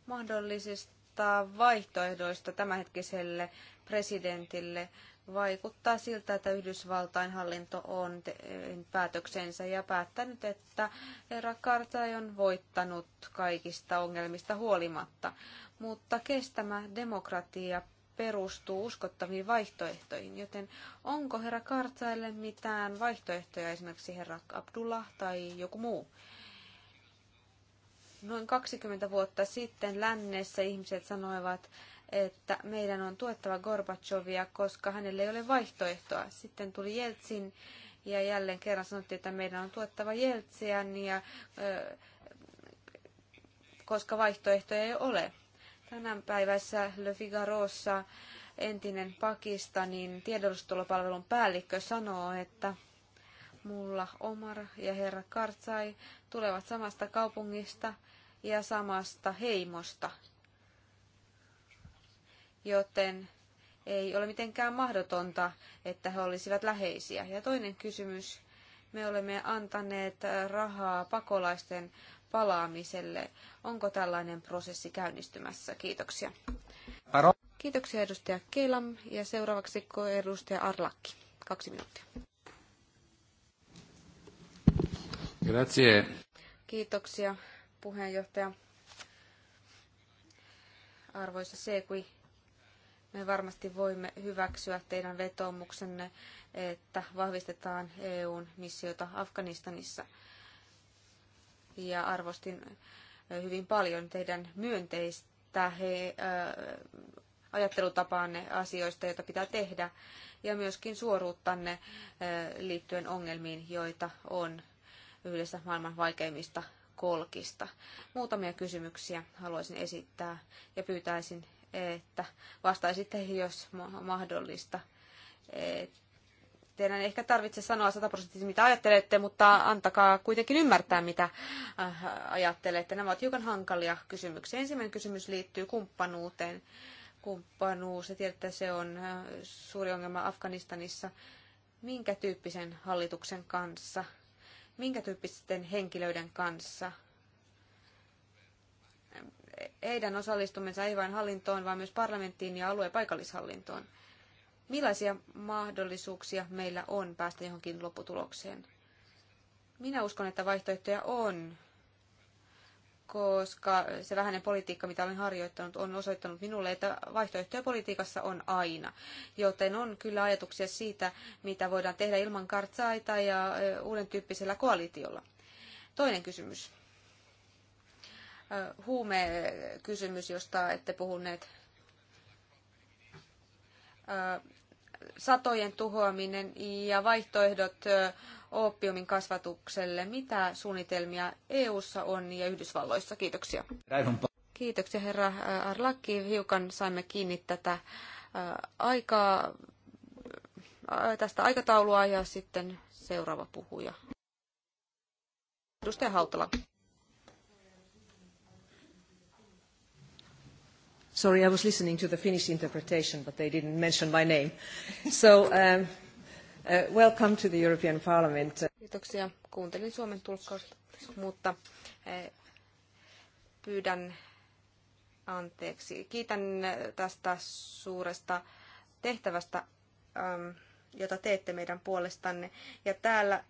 mahdollisista vaihtoehdoista tämänhetkiselle presidentille. Vaikuttaa siltä, että Yhdysvaltain hallinto on tehnyt päätöksensä ja päättänyt, että herra Karzai on voittanut kaikista ongelmista huolimatta. Mutta kestämä demokratia perustuu uskottaviin vaihtoehtoihin, joten onko herra Kartsaille mitään vaihtoehtoja, esimerkiksi herra Abdullah tai joku muu? Noin 20 vuotta sitten lännessä ihmiset sanoivat, että meidän on tuettava Gorbachevia, koska hänelle ei ole vaihtoehtoa. Sitten tuli Jeltsin ja jälleen kerran sanottiin, että meidän on tuettava Jeltsiä, ja, koska vaihtoehtoja ei ole. Tänä päivässä Le Figarossa entinen Pakistanin tiedustelupalvelun päällikkö sanoo, että mulla Omar ja herra Karzai tulevat samasta kaupungista – ja samasta heimosta. Joten ei ole mitenkään mahdotonta, että he olisivat läheisiä. Ja toinen kysymys. Me olemme antaneet äh, rahaa pakolaisten palaamiselle. Onko tällainen prosessi käynnistymässä? Kiitoksia. Paro. Kiitoksia edustaja Kelam ja seuraavaksi edustaja Arlakki. Kaksi minuuttia. Grazie. Kiitoksia puheenjohtaja. Arvoisa Sekui, me varmasti voimme hyväksyä teidän vetoomuksenne, että vahvistetaan EUn missiota Afganistanissa. Ja arvostin hyvin paljon teidän myönteistä he, ää, ajattelutapaanne asioista, joita pitää tehdä, ja myöskin suoruuttanne ää, liittyen ongelmiin, joita on yhdessä maailman vaikeimmista kolkista. Muutamia kysymyksiä haluaisin esittää ja pyytäisin, että vastaisitte, jos mahdollista. Teidän ei ehkä tarvitse sanoa sataprosenttisesti, mitä ajattelette, mutta antakaa kuitenkin ymmärtää, mitä äh, ajattelette. Nämä ovat hiukan hankalia kysymyksiä. Ensimmäinen kysymys liittyy kumppanuuteen. Kumppanuus, ja tiedätte, se on äh, suuri ongelma Afganistanissa. Minkä tyyppisen hallituksen kanssa minkä tyyppisten henkilöiden kanssa. Heidän osallistumensa ei vain hallintoon, vaan myös parlamenttiin ja alue- ja paikallishallintoon. Millaisia mahdollisuuksia meillä on päästä johonkin lopputulokseen? Minä uskon, että vaihtoehtoja on koska se vähäinen politiikka, mitä olen harjoittanut, on osoittanut minulle, että vaihtoehtoja politiikassa on aina. Joten on kyllä ajatuksia siitä, mitä voidaan tehdä ilman kartsaita ja uuden tyyppisellä koalitiolla. Toinen kysymys. huume-kysymys, josta ette puhuneet. Satojen tuhoaminen ja vaihtoehdot oppiumin kasvatukselle. Mitä suunnitelmia EU:ssa on ja Yhdysvalloissa? Kiitoksia. Kiitoksia herra äh, Arlakki. Hiukan saimme kiinni tätä äh, aikaa, äh, tästä aikataulua ja sitten seuraava puhuja. Edustaja Hautala. Sorry, I was listening to the Finnish interpretation, but they didn't mention my name. So, um, Uh, welcome to the European Parliament. Kiitoksia. Kuuntelin Suomen tulkkausta, mutta eh, pyydän anteeksi. Kiitän eh, tästä suuresta tehtävästä, ähm, jota teette meidän puolestanne. Ja täällä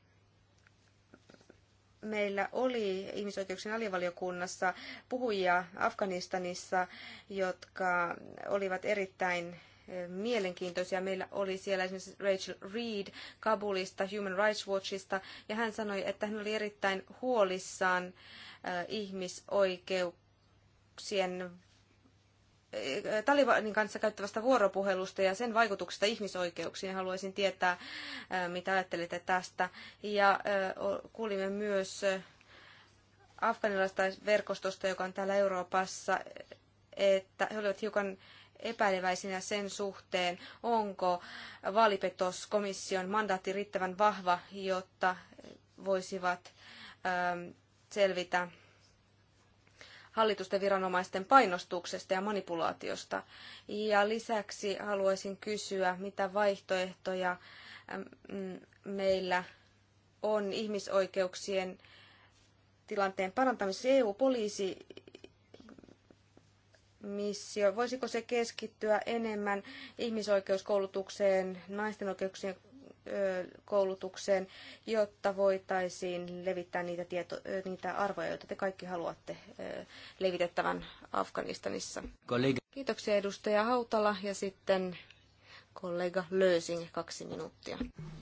meillä oli ihmisoikeuksien alivaliokunnassa puhujia Afganistanissa, jotka olivat erittäin mielenkiintoisia. Meillä oli siellä esimerkiksi Rachel Reed Kabulista, Human Rights Watchista, ja hän sanoi, että hän oli erittäin huolissaan ihmisoikeuksien Talibanin kanssa käyttävästä vuoropuhelusta ja sen vaikutuksesta ihmisoikeuksiin. Haluaisin tietää, mitä ajattelette tästä. Ja kuulimme myös afganilaista verkostosta, joka on täällä Euroopassa, että he olivat hiukan epäileväisinä sen suhteen, onko vaalipetoskomission mandaatti riittävän vahva, jotta voisivat ähm, selvitä hallitusten viranomaisten painostuksesta ja manipulaatiosta. Ja lisäksi haluaisin kysyä, mitä vaihtoehtoja ähm, meillä on ihmisoikeuksien tilanteen parantamiseksi. EU-poliisi missio, voisiko se keskittyä enemmän ihmisoikeuskoulutukseen, naisten oikeuksien koulutukseen, jotta voitaisiin levittää niitä, tieto, niitä arvoja, joita te kaikki haluatte levitettävän Afganistanissa. Kollega. Kiitoksia edustaja Hautala ja sitten kollega Lösing, kaksi minuuttia.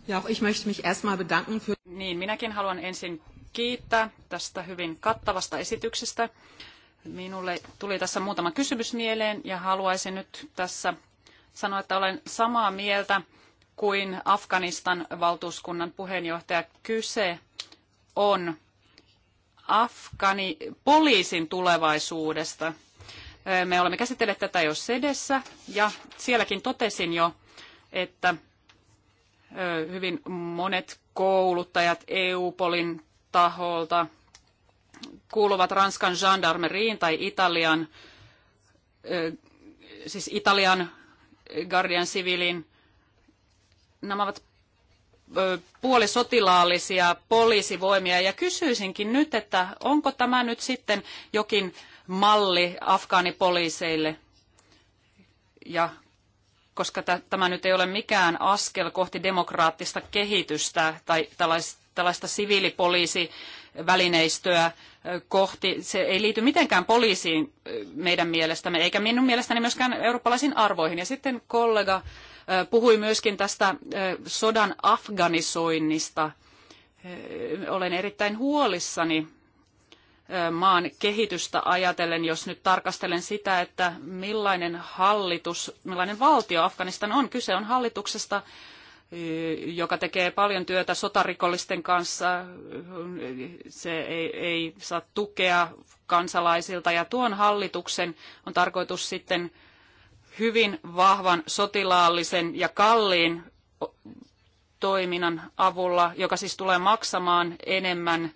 Ja ich möchte mich erstmal bedanken für... Niin, minäkin haluan ensin kiittää tästä hyvin kattavasta esityksestä. Minulle tuli tässä muutama kysymys mieleen ja haluaisin nyt tässä sanoa, että olen samaa mieltä kuin Afganistan valtuuskunnan puheenjohtaja. Kyse on Afgani poliisin tulevaisuudesta. Me olemme käsitelleet tätä jo sedessä ja sielläkin totesin jo, että hyvin monet kouluttajat EU-polin taholta kuuluvat Ranskan gendarmeriin tai Italian, siis Italian Guardian Civilin. Nämä ovat puolisotilaallisia poliisivoimia ja kysyisinkin nyt, että onko tämä nyt sitten jokin malli afgaanipoliiseille ja koska tämä nyt ei ole mikään askel kohti demokraattista kehitystä tai tällaista, tällaista siviilipoliisi välineistöä kohti. Se ei liity mitenkään poliisiin meidän mielestämme, eikä minun mielestäni myöskään eurooppalaisiin arvoihin. Ja sitten kollega puhui myöskin tästä sodan afganisoinnista. Olen erittäin huolissani maan kehitystä ajatellen, jos nyt tarkastelen sitä, että millainen hallitus, millainen valtio Afganistan on. Kyse on hallituksesta, joka tekee paljon työtä sotarikollisten kanssa, se ei, ei saa tukea kansalaisilta. Ja tuon hallituksen on tarkoitus sitten hyvin vahvan sotilaallisen ja kalliin toiminnan avulla, joka siis tulee maksamaan enemmän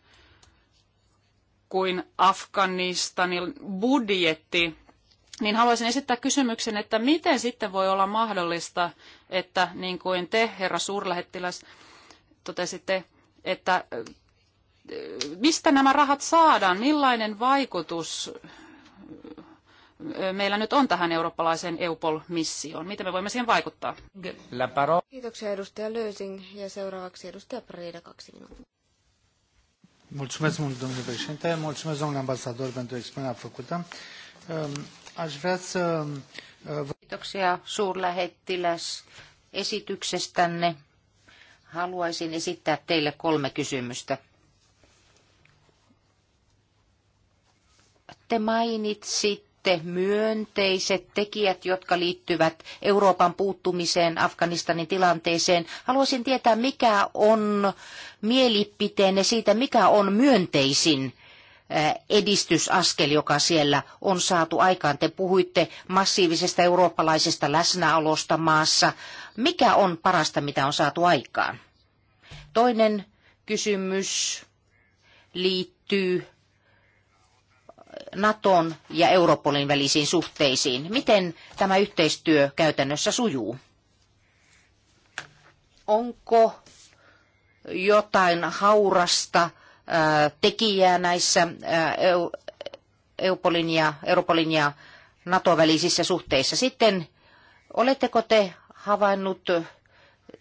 kuin Afganistanin budjetti niin haluaisin esittää kysymyksen, että miten sitten voi olla mahdollista, että niin kuin te, herra suurlähettiläs, totesitte, että mistä nämä rahat saadaan, millainen vaikutus meillä nyt on tähän eurooppalaiseen EUPOL-missioon? Miten me voimme siihen vaikuttaa? Kiitoksia edustaja Löysing ja seuraavaksi edustaja Preida kaksi minuuttia. Mulțumesc mult, domnule președinte, mulțumesc domnule ambasador pentru expunerea făcută. Ehm, Uh, Kiitoksia suurlähettiläs esityksestänne. Haluaisin esittää teille kolme kysymystä. Te mainitsitte myönteiset tekijät, jotka liittyvät Euroopan puuttumiseen Afganistanin tilanteeseen. Haluaisin tietää, mikä on mielipiteenne siitä, mikä on myönteisin edistysaskel, joka siellä on saatu aikaan. Te puhuitte massiivisesta eurooppalaisesta läsnäolosta maassa. Mikä on parasta, mitä on saatu aikaan? Toinen kysymys liittyy Naton ja Europolin välisiin suhteisiin. Miten tämä yhteistyö käytännössä sujuu? Onko jotain haurasta tekijää näissä EUPOLin ja Europolin ja NATO-välisissä suhteissa. Sitten oletteko te havainnut,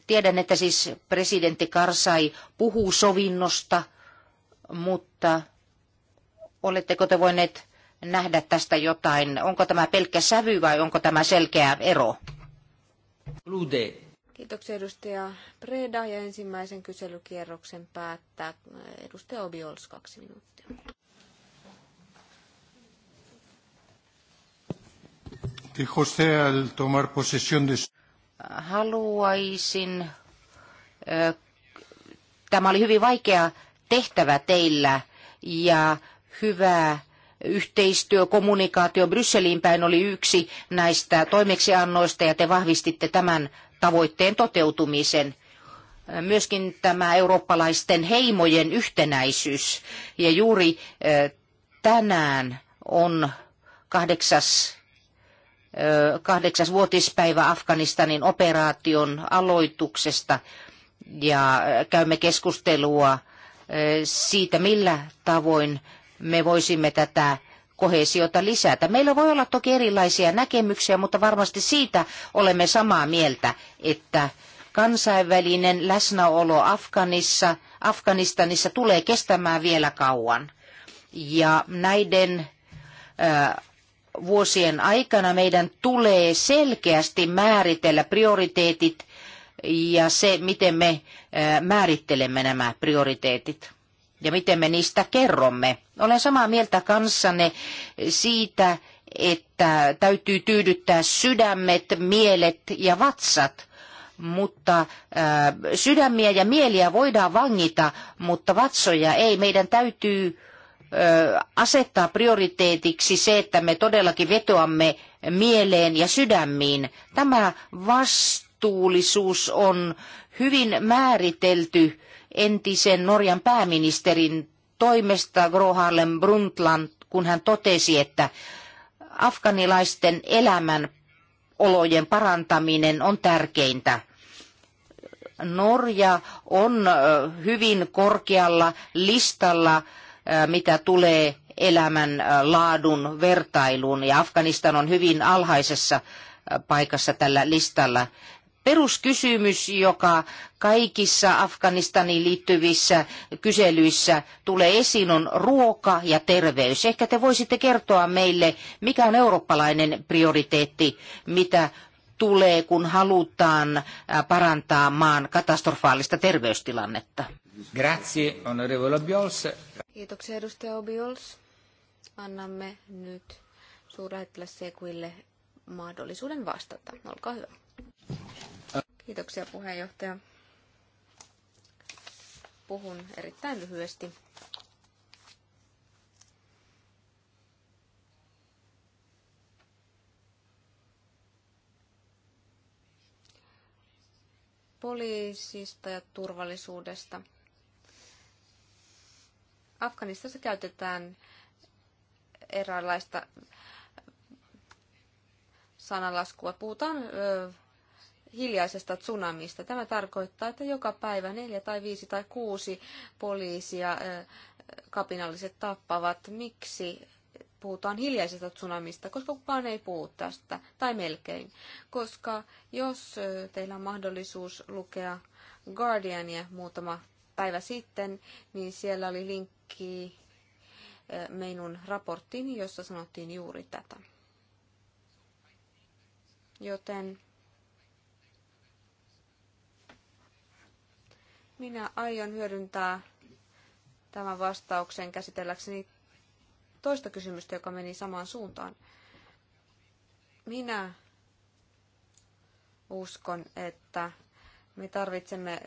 tiedän, että siis presidentti Karsai puhuu sovinnosta, mutta oletteko te voineet nähdä tästä jotain? Onko tämä pelkkä sävy vai onko tämä selkeä ero? Kiitoksia edustaja Preda ja ensimmäisen kyselykierroksen päättää edustaja Obiols kaksi minuuttia. Haluaisin, tämä oli hyvin vaikea tehtävä teillä ja hyvää yhteistyö, kommunikaatio Brysseliin päin oli yksi näistä toimeksiannoista ja te vahvistitte tämän tavoitteen toteutumisen. Myöskin tämä eurooppalaisten heimojen yhtenäisyys ja juuri tänään on kahdeksas kahdeksas vuotispäivä Afganistanin operaation aloituksesta ja käymme keskustelua siitä, millä tavoin me voisimme tätä kohesiota lisätä. Meillä voi olla toki erilaisia näkemyksiä, mutta varmasti siitä olemme samaa mieltä, että kansainvälinen läsnäolo Afganissa, Afganistanissa tulee kestämään vielä kauan. Ja näiden ö, vuosien aikana meidän tulee selkeästi määritellä prioriteetit ja se, miten me ö, määrittelemme nämä prioriteetit ja miten me niistä kerromme. Olen samaa mieltä kanssanne siitä, että täytyy tyydyttää sydämet, mielet ja vatsat. Mutta äh, sydämiä ja mieliä voidaan vangita, mutta vatsoja ei. Meidän täytyy äh, asettaa prioriteetiksi se, että me todellakin vetoamme mieleen ja sydämiin. Tämä vastuullisuus on hyvin määritelty entisen Norjan pääministerin toimesta Gro Harlem Brundtland, kun hän totesi, että afganilaisten elämän olojen parantaminen on tärkeintä. Norja on hyvin korkealla listalla, mitä tulee elämän laadun vertailuun, ja Afganistan on hyvin alhaisessa paikassa tällä listalla peruskysymys, joka kaikissa Afganistaniin liittyvissä kyselyissä tulee esiin, on ruoka ja terveys. Ehkä te voisitte kertoa meille, mikä on eurooppalainen prioriteetti, mitä tulee, kun halutaan äh, parantaa maan katastrofaalista terveystilannetta. Grazie, onorevole Obiols. Kiitoksia, edustaja Obiols. Annamme nyt suurlähettiläs Sekuille mahdollisuuden vastata. Olkaa hyvä. Kiitoksia puheenjohtaja. Puhun erittäin lyhyesti. poliisista ja turvallisuudesta. Afganistassa käytetään eräänlaista sanalaskua. Puhutaan ö, hiljaisesta tsunamista. Tämä tarkoittaa, että joka päivä neljä tai viisi tai kuusi poliisia kapinalliset tappavat. Miksi puhutaan hiljaisesta tsunamista, koska kukaan ei puhu tästä, tai melkein. Koska jos teillä on mahdollisuus lukea Guardiania muutama päivä sitten, niin siellä oli linkki minun raporttiin, jossa sanottiin juuri tätä. Joten Minä aion hyödyntää tämän vastauksen käsitelläkseni toista kysymystä, joka meni samaan suuntaan. Minä uskon, että me tarvitsemme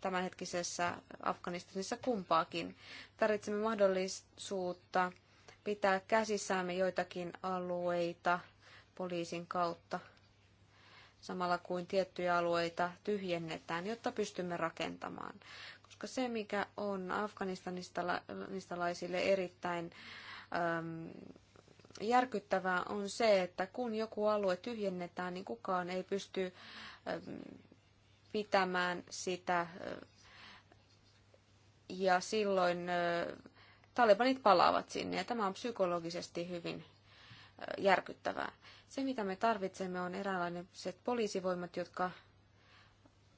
tämänhetkisessä Afganistanissa kumpaakin. Tarvitsemme mahdollisuutta pitää käsissämme joitakin alueita poliisin kautta samalla kuin tiettyjä alueita tyhjennetään, jotta pystymme rakentamaan. Koska se, mikä on afganistanilaisille erittäin äm, järkyttävää, on se, että kun joku alue tyhjennetään, niin kukaan ei pysty äm, pitämään sitä. Ja silloin talibanit palaavat sinne, ja tämä on psykologisesti hyvin järkyttävää. Se, mitä me tarvitsemme, on eräänlaiset poliisivoimat, jotka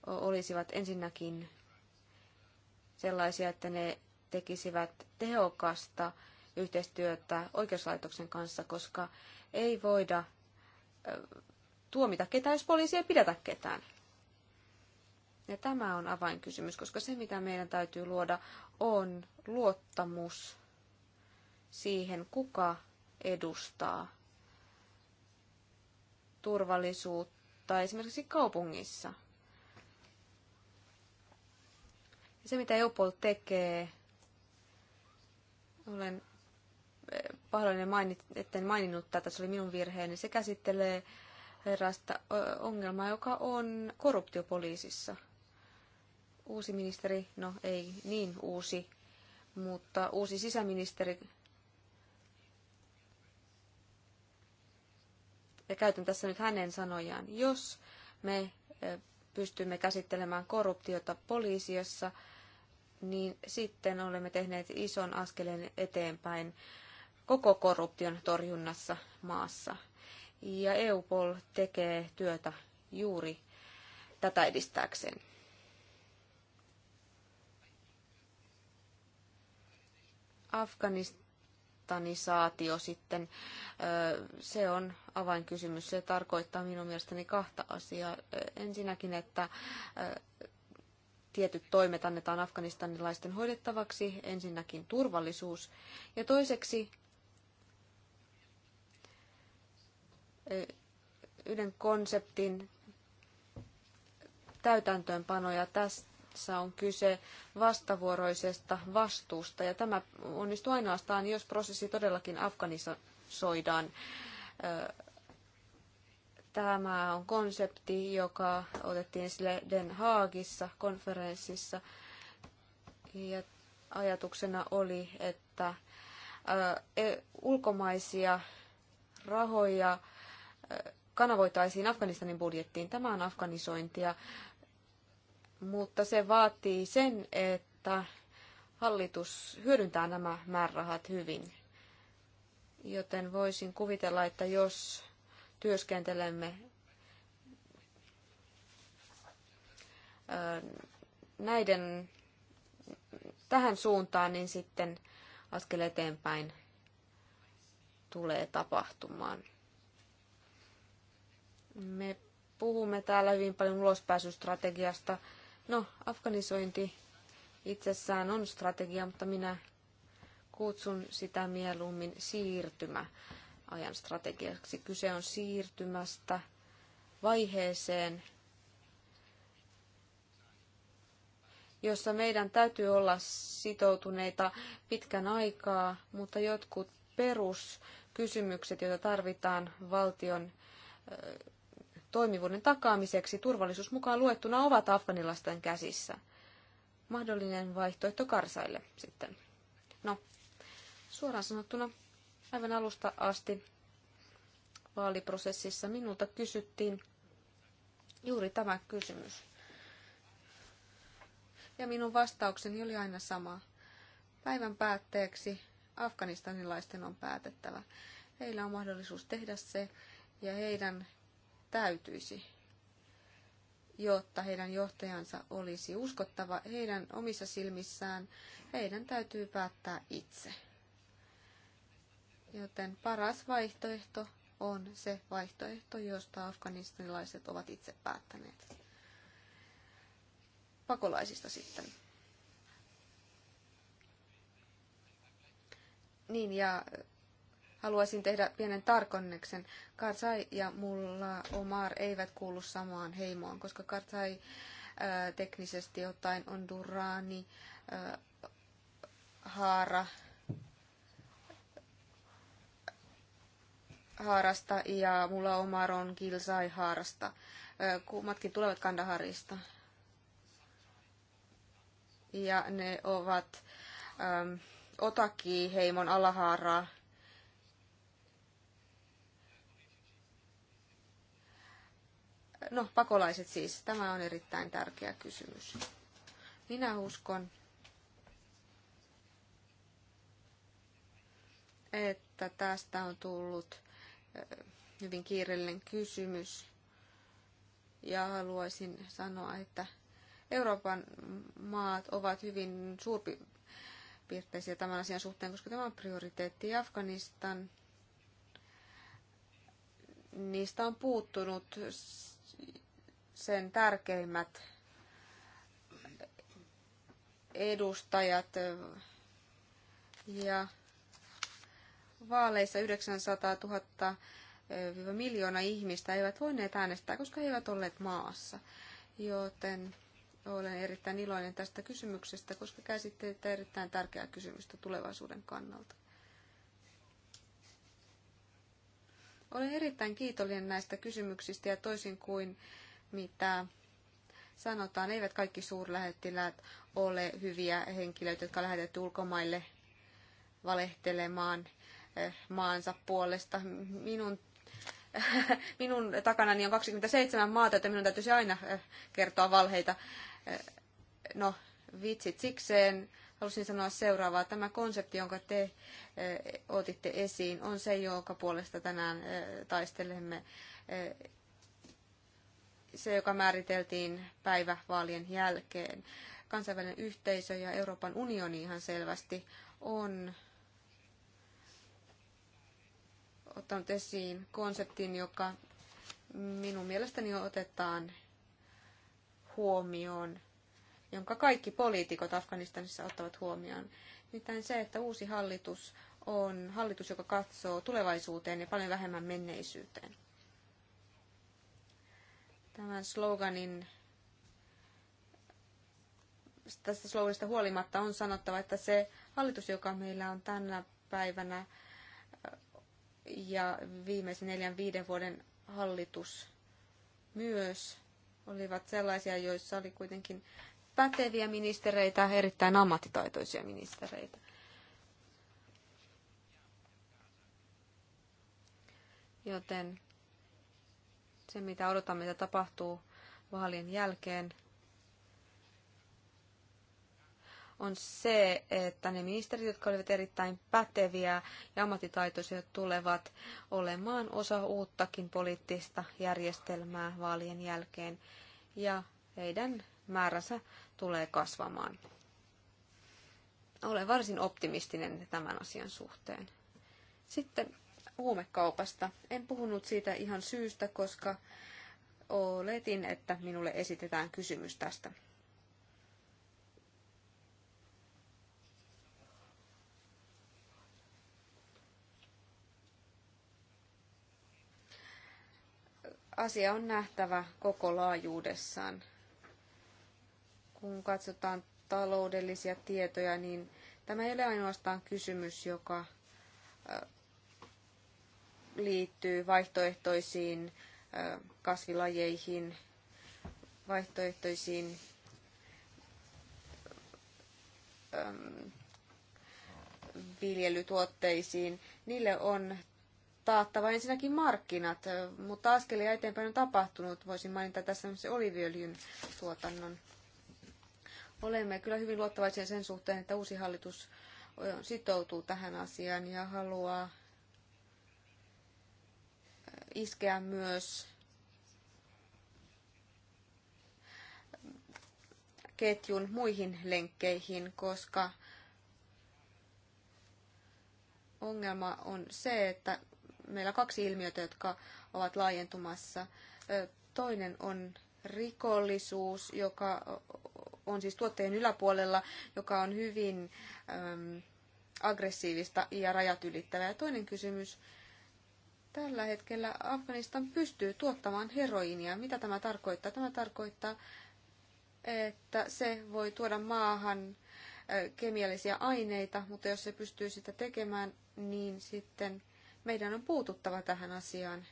olisivat ensinnäkin sellaisia, että ne tekisivät tehokasta yhteistyötä oikeuslaitoksen kanssa, koska ei voida tuomita ketään, jos poliisi ei pidätä ketään. Ja tämä on avainkysymys, koska se, mitä meidän täytyy luoda, on luottamus siihen, kuka edustaa turvallisuutta esimerkiksi kaupungissa. Ja se, mitä Eupol tekee, olen eh, pahoillani, että en maininnut tätä, se oli minun virheeni, se käsittelee erästä ongelmaa, joka on korruptiopoliisissa. Uusi ministeri, no ei niin uusi, mutta uusi sisäministeri ja käytän tässä nyt hänen sanojaan, jos me eh, pystymme käsittelemään korruptiota poliisiossa, niin sitten olemme tehneet ison askeleen eteenpäin koko korruption torjunnassa maassa. Ja EUPOL tekee työtä juuri tätä edistääkseen. Afganistan satanisaatio sitten, se on avainkysymys. Se tarkoittaa minun mielestäni kahta asiaa. Ensinnäkin, että tietyt toimet annetaan afganistanilaisten hoidettavaksi, ensinnäkin turvallisuus, ja toiseksi yhden konseptin täytäntöönpano, ja tästä tässä on kyse vastavuoroisesta vastuusta ja tämä onnistuu ainoastaan, jos prosessi todellakin afganisoidaan. Tämä on konsepti, joka otettiin esille Den Haagissa konferenssissa ja ajatuksena oli, että e, ulkomaisia rahoja kanavoitaisiin Afganistanin budjettiin. Tämä on afganisointia mutta se vaatii sen, että hallitus hyödyntää nämä määrärahat hyvin. Joten voisin kuvitella, että jos työskentelemme näiden tähän suuntaan, niin sitten askel eteenpäin tulee tapahtumaan. Me puhumme täällä hyvin paljon ulospääsystrategiasta, No, afganisointi itsessään on strategia, mutta minä kutsun sitä mieluummin siirtymäajan strategiaksi. Kyse on siirtymästä vaiheeseen, jossa meidän täytyy olla sitoutuneita pitkän aikaa, mutta jotkut peruskysymykset, joita tarvitaan valtion toimivuuden takaamiseksi turvallisuus mukaan luettuna ovat afganilaisten käsissä. Mahdollinen vaihtoehto Karsaille sitten. No, suoraan sanottuna aivan alusta asti vaaliprosessissa minulta kysyttiin juuri tämä kysymys. Ja minun vastaukseni oli aina sama. Päivän päätteeksi afganistanilaisten on päätettävä. Heillä on mahdollisuus tehdä se ja heidän täytyisi, jotta heidän johtajansa olisi uskottava heidän omissa silmissään, heidän täytyy päättää itse. Joten paras vaihtoehto on se vaihtoehto, josta afganistanilaiset ovat itse päättäneet. Pakolaisista sitten. Niin, ja haluaisin tehdä pienen tarkonneksen. Karzai ja mulla Omar eivät kuulu samaan heimoon, koska Karzai ää, äh, teknisesti ottaen on Durrani, äh, Haara, Haarasta ja mulla Omar on Kilsai Haarasta. Äh, kummatkin tulevat Kandaharista. Ja ne ovat äm, Otaki-heimon alahaaraa No, pakolaiset siis. Tämä on erittäin tärkeä kysymys. Minä uskon, että tästä on tullut eh, hyvin kiireellinen kysymys. Ja haluaisin sanoa, että Euroopan maat ovat hyvin suurpiirteisiä tämän asian suhteen, koska tämä on prioriteetti. Afganistan, niistä on puuttunut sen tärkeimmät edustajat ja vaaleissa 900 000 miljoona ihmistä eivät voineet äänestää, koska he eivät olleet maassa. Joten olen erittäin iloinen tästä kysymyksestä, koska käsittelette erittäin tärkeää kysymystä tulevaisuuden kannalta. Olen erittäin kiitollinen näistä kysymyksistä ja toisin kuin mitä sanotaan. Eivät kaikki suurlähettiläät ole hyviä henkilöitä, jotka lähetetty ulkomaille valehtelemaan eh, maansa puolesta. Minun minun takanani on 27 maata, että minun täytyisi aina eh, kertoa valheita. Eh, no, vitsit sikseen. Halusin sanoa seuraavaa. Tämä konsepti, jonka te otitte esiin, on se, jonka puolesta tänään taistelemme se, joka määriteltiin päivävaalien jälkeen. Kansainvälinen yhteisö ja Euroopan unioni ihan selvästi on ottanut esiin konseptin, joka minun mielestäni otetaan huomioon, jonka kaikki poliitikot Afganistanissa ottavat huomioon. Nimittäin se, että uusi hallitus on hallitus, joka katsoo tulevaisuuteen ja paljon vähemmän menneisyyteen tämän sloganin tästä sloganista huolimatta on sanottava, että se hallitus, joka meillä on tänä päivänä ja viimeisen neljän viiden vuoden hallitus myös olivat sellaisia, joissa oli kuitenkin päteviä ministereitä, erittäin ammattitaitoisia ministereitä. Joten se, mitä odotamme, mitä tapahtuu vaalien jälkeen, on se, että ne ministerit, jotka olivat erittäin päteviä ja ammattitaitoisia, tulevat olemaan osa uuttakin poliittista järjestelmää vaalien jälkeen, ja heidän määränsä tulee kasvamaan. Olen varsin optimistinen tämän asian suhteen. Sitten huumekaupasta. En puhunut siitä ihan syystä, koska oletin, että minulle esitetään kysymys tästä. Asia on nähtävä koko laajuudessaan. Kun katsotaan taloudellisia tietoja, niin tämä ei ole ainoastaan kysymys, joka liittyy vaihtoehtoisiin kasvilajeihin, vaihtoehtoisiin viljelytuotteisiin, niille on taattava ensinnäkin markkinat, mutta askelia eteenpäin on tapahtunut. Voisin mainita tässä myös oliviöljyn tuotannon. Olemme kyllä hyvin luottavaisia sen suhteen, että uusi hallitus sitoutuu tähän asiaan ja haluaa iskeä myös ketjun muihin lenkkeihin, koska ongelma on se, että meillä on kaksi ilmiötä, jotka ovat laajentumassa. Toinen on rikollisuus, joka on siis tuotteen yläpuolella, joka on hyvin äm, aggressiivista ja rajat ylittävää. toinen kysymys Tällä hetkellä Afganistan pystyy tuottamaan heroinia. Mitä tämä tarkoittaa? Tämä tarkoittaa, että se voi tuoda maahan kemiallisia aineita, mutta jos se pystyy sitä tekemään, niin sitten meidän on puututtava tähän asiaan.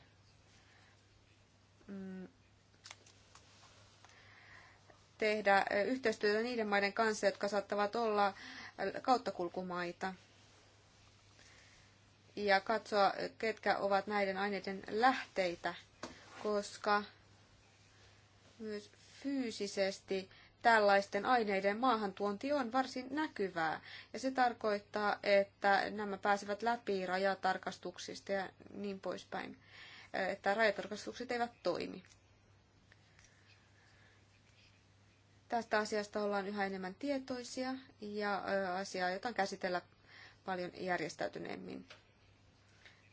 Mm. Tehdä yhteistyötä niiden maiden kanssa, jotka saattavat olla kauttakulkumaita ja katsoa, ketkä ovat näiden aineiden lähteitä, koska myös fyysisesti tällaisten aineiden maahantuonti on varsin näkyvää. Ja se tarkoittaa, että nämä pääsevät läpi rajatarkastuksista ja niin poispäin, että rajatarkastukset eivät toimi. Tästä asiasta ollaan yhä enemmän tietoisia ja asiaa jotain käsitellä paljon järjestäytyneemmin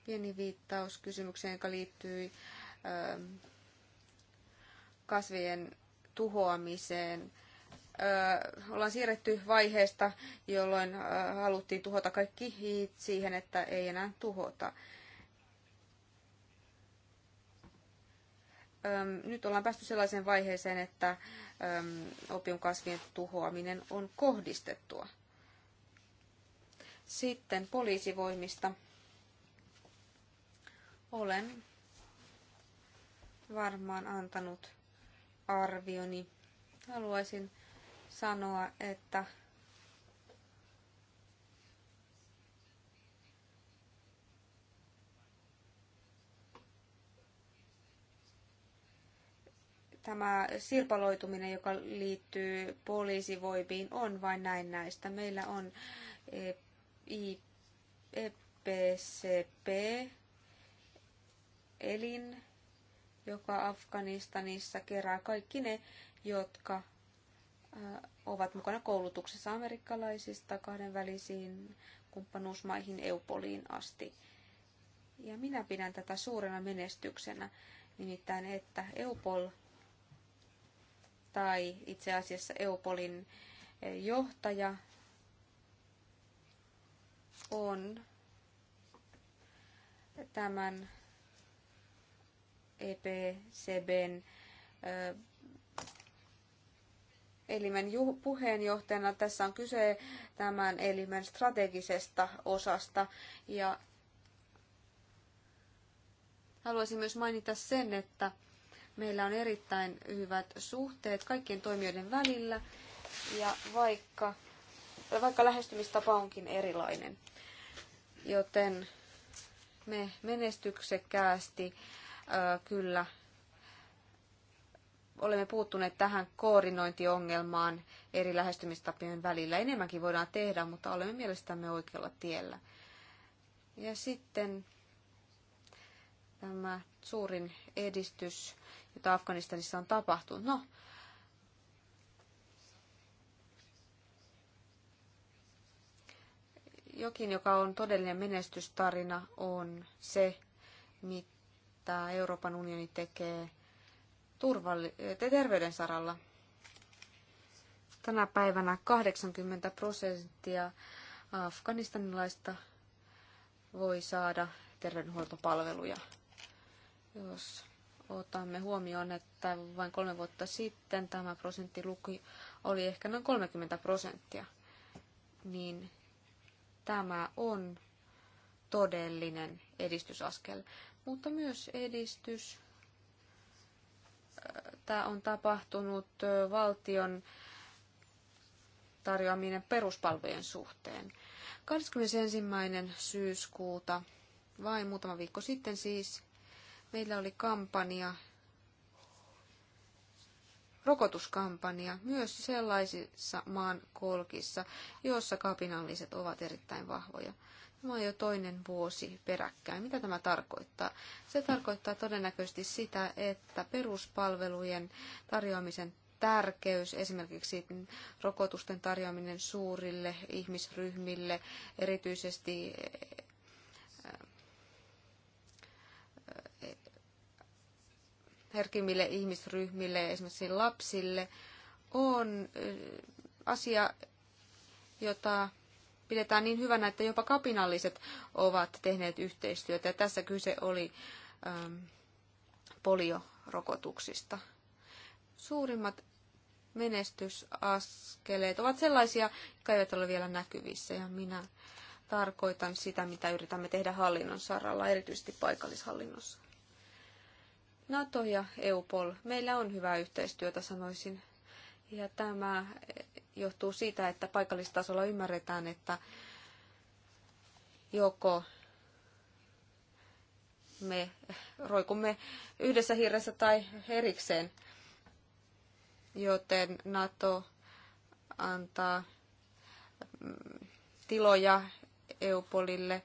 pieni viittaus kysymykseen, joka liittyy ähm, kasvien tuhoamiseen. Äh, ollaan siirretty vaiheesta, jolloin äh, haluttiin tuhota kaikki siihen, että ei enää tuhota. Ähm, nyt ollaan päästy sellaiseen vaiheeseen, että ähm, opiumkasvien tuhoaminen on kohdistettua. Sitten poliisivoimista olen varmaan antanut arvioni. Haluaisin sanoa, että tämä sirpaloituminen, joka liittyy poliisivoimiin, on vain näin näistä. Meillä on EPCP, elin, joka Afganistanissa kerää kaikki ne, jotka äh, ovat mukana koulutuksessa amerikkalaisista kahdenvälisiin kumppanuusmaihin Eupoliin asti. Ja minä pidän tätä suurena menestyksenä, nimittäin että Eupol tai itse asiassa Eupolin eh, johtaja on tämän EPCBn elimen puheenjohtajana. Tässä on kyse tämän elimen strategisesta osasta ja haluaisin myös mainita sen, että meillä on erittäin hyvät suhteet kaikkien toimijoiden välillä ja vaikka, vaikka lähestymistapa onkin erilainen, joten me menestyksekkäästi kyllä olemme puuttuneet tähän koordinointiongelmaan eri lähestymistapien välillä. Enemmänkin voidaan tehdä, mutta olemme mielestämme oikealla tiellä. Ja sitten tämä suurin edistys, jota Afganistanissa on tapahtunut. No, jokin, joka on todellinen menestystarina, on se, mitä mitä Euroopan unioni tekee turvalli- eh, terveyden saralla. Tänä päivänä 80 prosenttia afganistanilaista voi saada terveydenhuoltopalveluja. Jos otamme huomioon, että vain kolme vuotta sitten tämä prosenttiluku oli ehkä noin 30 prosenttia, niin tämä on todellinen edistysaskel mutta myös edistys. Tämä on tapahtunut valtion tarjoaminen peruspalvelujen suhteen. 21. syyskuuta, vain muutama viikko sitten siis, meillä oli kampanja, rokotuskampanja myös sellaisissa maan kolkissa, joissa kapinalliset ovat erittäin vahvoja. Tämä on jo toinen vuosi peräkkäin. Mitä tämä tarkoittaa? Se tarkoittaa todennäköisesti sitä, että peruspalvelujen tarjoamisen tärkeys, esimerkiksi rokotusten tarjoaminen suurille ihmisryhmille, erityisesti eh, herkimmille ihmisryhmille, esimerkiksi lapsille, on eh, asia, jota pidetään niin hyvänä, että jopa kapinalliset ovat tehneet yhteistyötä. Ja tässä kyse oli ähm, poliorokotuksista. Suurimmat menestysaskeleet ovat sellaisia, jotka eivät ole vielä näkyvissä. Ja minä tarkoitan sitä, mitä yritämme tehdä hallinnon saralla, erityisesti paikallishallinnossa. NATO ja EUPOL. Meillä on hyvää yhteistyötä, sanoisin. Ja tämä johtuu siitä, että paikallistasolla ymmärretään, että joko me roikumme yhdessä hirressä tai erikseen, joten NATO antaa mm, tiloja EUPOLille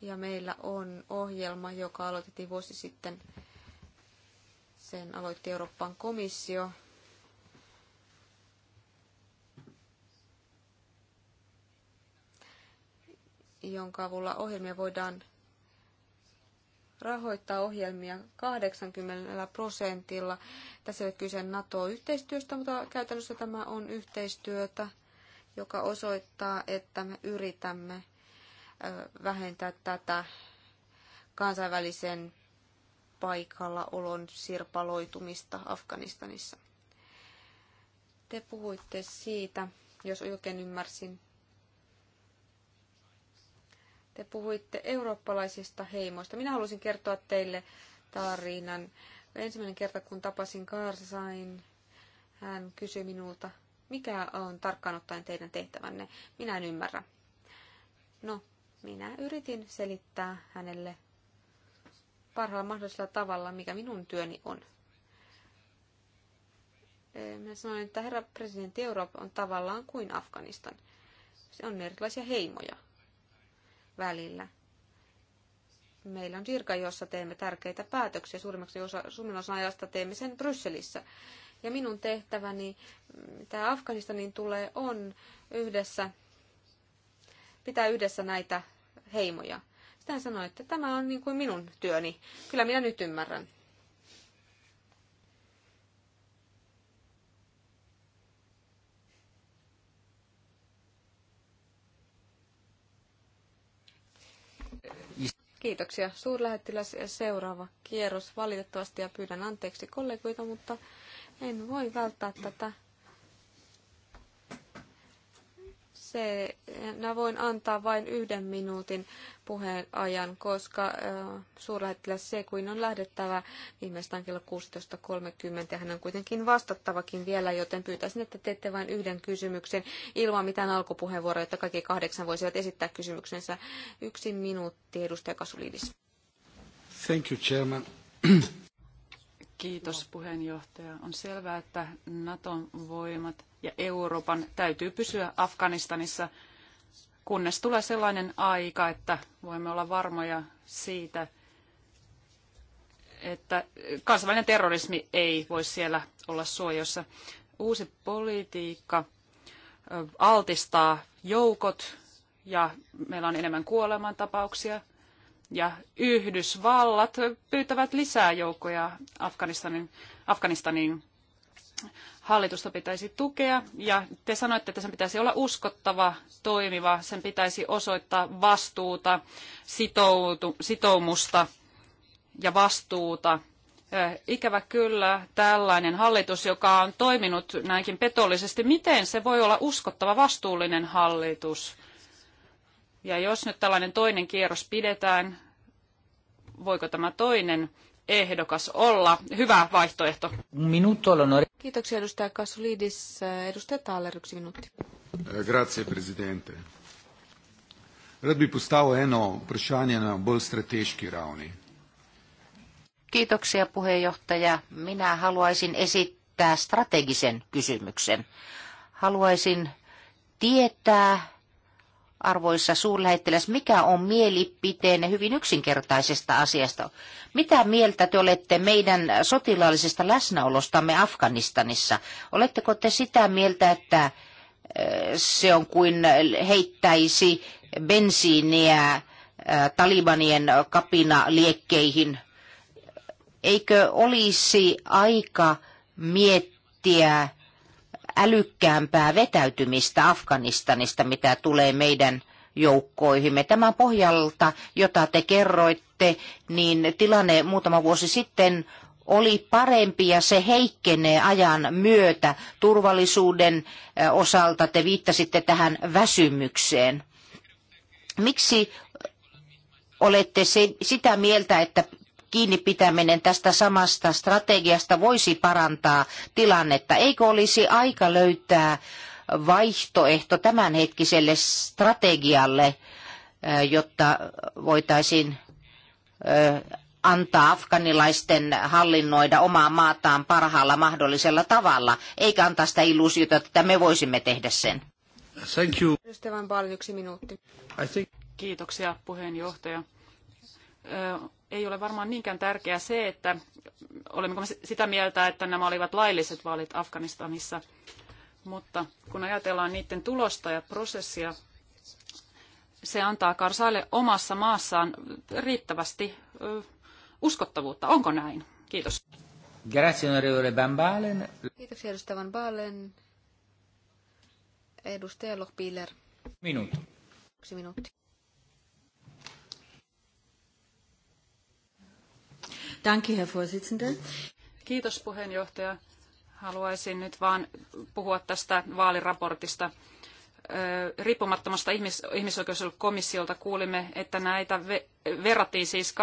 ja meillä on ohjelma, joka aloitettiin vuosi sitten. Sen aloitti Euroopan komissio jonka avulla ohjelmia voidaan rahoittaa ohjelmia 80 prosentilla. Tässä ei ole kyse NATO-yhteistyöstä, mutta käytännössä tämä on yhteistyötä, joka osoittaa, että me yritämme vähentää tätä kansainvälisen paikalla olon sirpaloitumista Afganistanissa. Te puhuitte siitä, jos oikein ymmärsin, te puhuitte eurooppalaisista heimoista. Minä halusin kertoa teille tarinan. Ensimmäinen kerta, kun tapasin Karsain, hän kysyi minulta, mikä on tarkkaan ottaen teidän tehtävänne. Minä en ymmärrä. No, minä yritin selittää hänelle parhaalla mahdollisella tavalla, mikä minun työni on. Minä sanoin, että herra presidentti Eurooppa on tavallaan kuin Afganistan. Se on erilaisia heimoja välillä. Meillä on virka, jossa teemme tärkeitä päätöksiä. Suurimmaksi osa, suurimman osan ajasta teemme sen Brysselissä. Ja minun tehtäväni, tämä Afganistanin tulee, on yhdessä, pitää yhdessä näitä heimoja. Sitä sanoin, että tämä on niin kuin minun työni. Kyllä minä nyt ymmärrän. Kiitoksia. Suurlähettiläs ja seuraava kierros valitettavasti ja pyydän anteeksi kollegoita, mutta en voi välttää tätä se, mä voin antaa vain yhden minuutin puheenajan, koska äh, suurlähettiläs kuin on lähdettävä viimeistään kello 16.30 ja hän on kuitenkin vastattavakin vielä, joten pyytäisin, että teette vain yhden kysymyksen ilman mitään alkupuheenvuoroja, että kaikki kahdeksan voisivat esittää kysymyksensä. Yksi minuutti, edustaja Kasulidis. Thank you, Chairman. Kiitos puheenjohtaja. On selvää, että Naton voimat – ja Euroopan täytyy pysyä Afganistanissa, kunnes tulee sellainen aika, että voimme olla varmoja siitä, että kansainvälinen terrorismi ei voi siellä olla suojossa. Uusi politiikka altistaa joukot ja meillä on enemmän kuolemantapauksia. Ja Yhdysvallat pyytävät lisää joukkoja Afganistanin, Afganistanin Hallitusta pitäisi tukea ja te sanoitte, että sen pitäisi olla uskottava, toimiva, sen pitäisi osoittaa vastuuta, sitoutu, sitoumusta ja vastuuta. Ikävä kyllä tällainen hallitus, joka on toiminut näinkin petollisesti, miten se voi olla uskottava, vastuullinen hallitus? Ja jos nyt tällainen toinen kierros pidetään, voiko tämä toinen ehdokas olla. Hyvä vaihtoehto. Minuutto, Kiitoksia edustaja Kasulidis. Edustaja Thaler, yksi minuutti. Eh, grazie, presidente. Rad bi postavo eno vprašanje na bolj strateški ravni. Kiitoksia puheenjohtaja. Minä haluaisin esittää strategisen kysymyksen. Haluaisin tietää, arvoisa suurlähettiläs, mikä on mielipiteenne hyvin yksinkertaisesta asiasta? Mitä mieltä te olette meidän sotilaallisesta läsnäolostamme Afganistanissa? Oletteko te sitä mieltä, että se on kuin heittäisi bensiiniä talibanien kapinaliekkeihin? Eikö olisi aika miettiä, älykkäämpää vetäytymistä Afganistanista, mitä tulee meidän joukkoihimme. Tämän pohjalta, jota te kerroitte, niin tilanne muutama vuosi sitten oli parempi ja se heikkenee ajan myötä turvallisuuden eh, osalta. Te viittasitte tähän väsymykseen. Miksi olette se, sitä mieltä, että kiinni pitäminen tästä samasta strategiasta voisi parantaa tilannetta. Eikö olisi aika löytää vaihtoehto tämänhetkiselle strategialle, jotta voitaisiin antaa afganilaisten hallinnoida omaa maataan parhaalla mahdollisella tavalla, eikä antaa sitä illuusiota, että me voisimme tehdä sen. Thank you. Ystävän paljon yksi minuutti. I think... Kiitoksia puheenjohtaja ei ole varmaan niinkään tärkeää se, että olemmeko me sitä mieltä, että nämä olivat lailliset vaalit Afganistanissa, mutta kun ajatellaan niiden tulosta ja prosessia, se antaa Karsaille omassa maassaan riittävästi uskottavuutta. Onko näin? Kiitos. Grazie, edustaja Van Baalen. Edustaja Minuutti. Yksi minuutti. Danke, Herr Vorsitzender. Kiitos puheenjohtaja. Haluaisin nyt vaan puhua tästä vaaliraportista. Riippumattomasta ihmis- ihmisoikeuskomissiolta kuulimme, että näitä verrattiin siis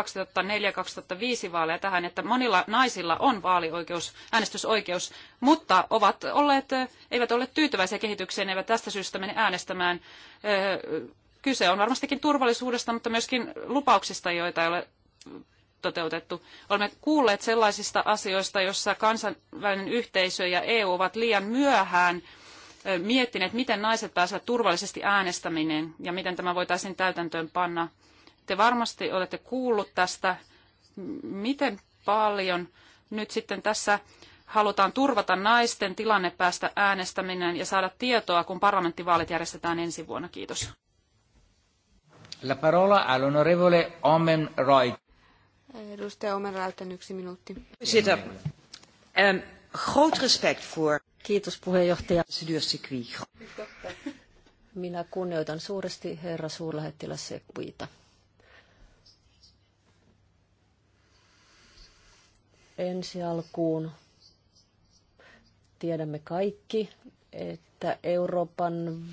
2004-2005 vaaleja tähän, että monilla naisilla on vaalioikeus, äänestysoikeus, mutta ovat olleet, eivät ole tyytyväisiä kehitykseen, eivät tästä syystä mene äänestämään. Kyse on varmastikin turvallisuudesta, mutta myöskin lupauksista, joita ei ole toteutettu. Olemme kuulleet sellaisista asioista, joissa kansainvälinen yhteisö ja EU ovat liian myöhään miettineet, miten naiset pääsevät turvallisesti äänestäminen ja miten tämä voitaisiin täytäntöön panna. Te varmasti olette kuullut tästä, miten paljon nyt sitten tässä halutaan turvata naisten tilanne päästä äänestäminen ja saada tietoa, kun parlamenttivaalit järjestetään ensi vuonna. Kiitos. La parola all'onorevole Omen Roy. Edustaja Omerlauten yksi minuutti. Sitä. Ähm, groot respect voor. Kiitos puheenjohtaja. Minä kunnioitan suuresti herra suurlähettiläs Sekuita. Ensi alkuun tiedämme kaikki, että Euroopan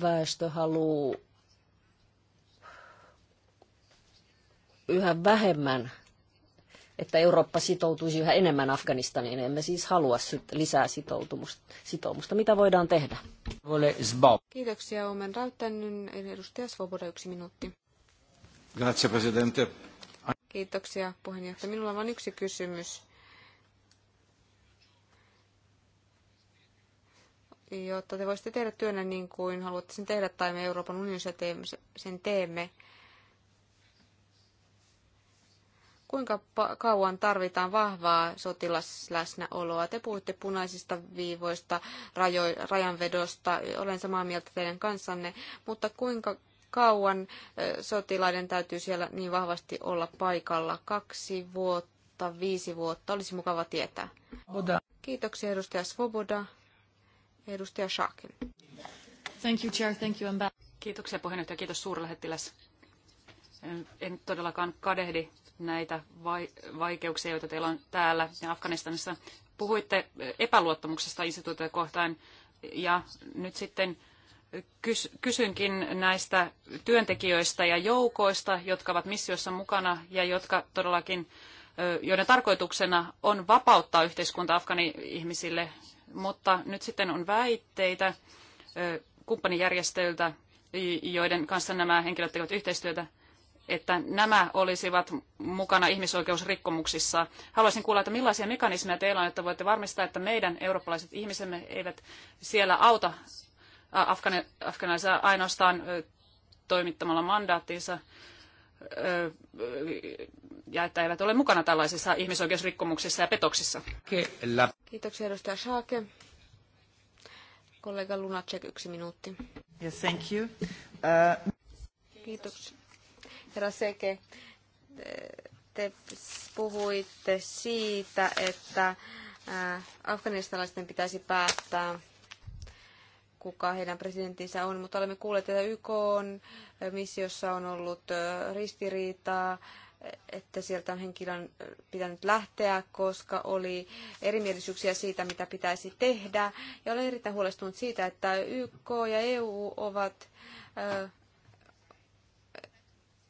väestö haluaa yhä vähemmän että Eurooppa sitoutuisi yhä enemmän Afganistaniin. Emme siis halua sit lisää sitoumusta. Mitä voidaan tehdä? Kiitoksia, Omen Räyttänen. Edustaja Svoboda, yksi minuutti. Grazie, presidente. Kiitoksia, puheenjohtaja. Minulla on vain yksi kysymys. Jotta te voisitte tehdä työnä niin kuin haluatte sen tehdä, tai me Euroopan unionissa teemme, sen teemme, kuinka kauan tarvitaan vahvaa sotilasläsnäoloa. Te puhutte punaisista viivoista, rajo- rajanvedosta, olen samaa mieltä teidän kanssanne, mutta kuinka kauan sotilaiden täytyy siellä niin vahvasti olla paikalla? Kaksi vuotta, viisi vuotta, olisi mukava tietää. Oda. Kiitoksia edustaja Svoboda. Edustaja Shakin. Thank you, Chair. Thank you, Kiitoksia puheenjohtaja. Kiitos suurlähettiläs. En todellakaan kadehdi näitä vaikeuksia, joita teillä on täällä ja Afganistanissa. Puhuitte epäluottamuksesta instituutioita kohtaan ja nyt sitten kysynkin näistä työntekijöistä ja joukoista, jotka ovat missiossa mukana ja jotka todellakin, joiden tarkoituksena on vapauttaa yhteiskunta afgani-ihmisille, mutta nyt sitten on väitteitä kumppanijärjestöiltä, joiden kanssa nämä henkilöt tekevät yhteistyötä, että nämä olisivat mukana ihmisoikeusrikkomuksissa. Haluaisin kuulla, että millaisia mekanismeja teillä on, että voitte varmistaa, että meidän eurooppalaiset ihmisemme eivät siellä auta Afgan, ainoastaan toimittamalla mandaattinsa ja että eivät ole mukana tällaisissa ihmisoikeusrikkomuksissa ja petoksissa. Kyllä. Kiitoksia edustaja Saake. Kollega Lunacek, yksi minuutti. Yes, thank you. Uh... Kiitoksia. Herra Seke, te puhuitte siitä, että äh, afganistalaisten pitäisi päättää, kuka heidän presidenttinsä on, mutta olemme kuulleet, että YK on, äh, missiossa on ollut äh, ristiriitaa, että sieltä on henkilön pitänyt lähteä, koska oli erimielisyyksiä siitä, mitä pitäisi tehdä. Ja olen erittäin huolestunut siitä, että YK ja EU ovat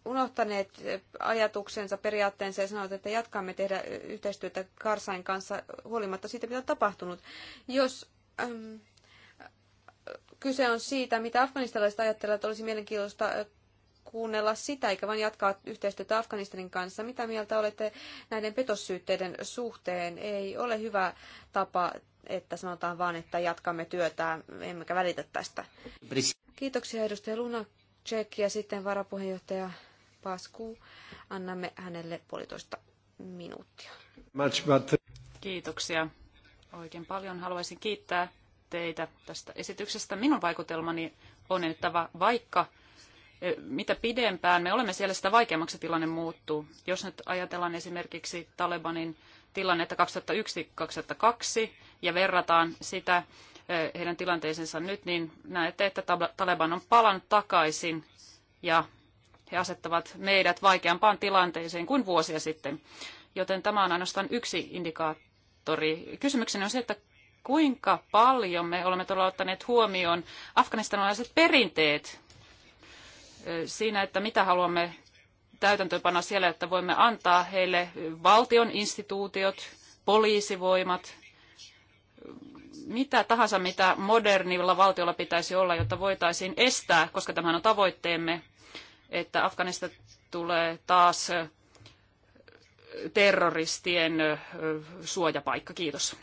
unohtaneet ajatuksensa, periaatteensa ja sanovat, että jatkamme tehdä yhteistyötä Karsain kanssa huolimatta siitä, mitä on tapahtunut. Jos ähm, kyse on siitä, mitä afganistalaiset ajattelevat, että olisi mielenkiintoista äh, kuunnella sitä, eikä vain jatkaa yhteistyötä Afganistanin kanssa. Mitä mieltä olette näiden petossyytteiden suhteen? Ei ole hyvä tapa, että sanotaan vaan, että jatkamme työtä, emmekä välitä tästä. Kiitoksia edustaja Luna Check ja sitten varapuheenjohtaja Pasku. Annamme hänelle puolitoista minuuttia. Kiitoksia oikein paljon. Haluaisin kiittää teitä tästä esityksestä. Minun vaikutelmani on, että vaikka mitä pidempään me olemme siellä, sitä vaikeammaksi tilanne muuttuu. Jos nyt ajatellaan esimerkiksi Talebanin tilannetta 2001-2002 ja verrataan sitä heidän tilanteeseensa nyt, niin näette, että Taleban on palannut takaisin ja he asettavat meidät vaikeampaan tilanteeseen kuin vuosia sitten. Joten tämä on ainoastaan yksi indikaattori. Kysymykseni on se, että kuinka paljon me olemme todella ottaneet huomioon afganistanilaiset perinteet siinä, että mitä haluamme täytäntöönpanna siellä, että voimme antaa heille valtion instituutiot, poliisivoimat, mitä tahansa, mitä modernilla valtiolla pitäisi olla, jotta voitaisiin estää, koska tämä on tavoitteemme, että Afganista tulee taas terroristien suojapaikka. Kiitos.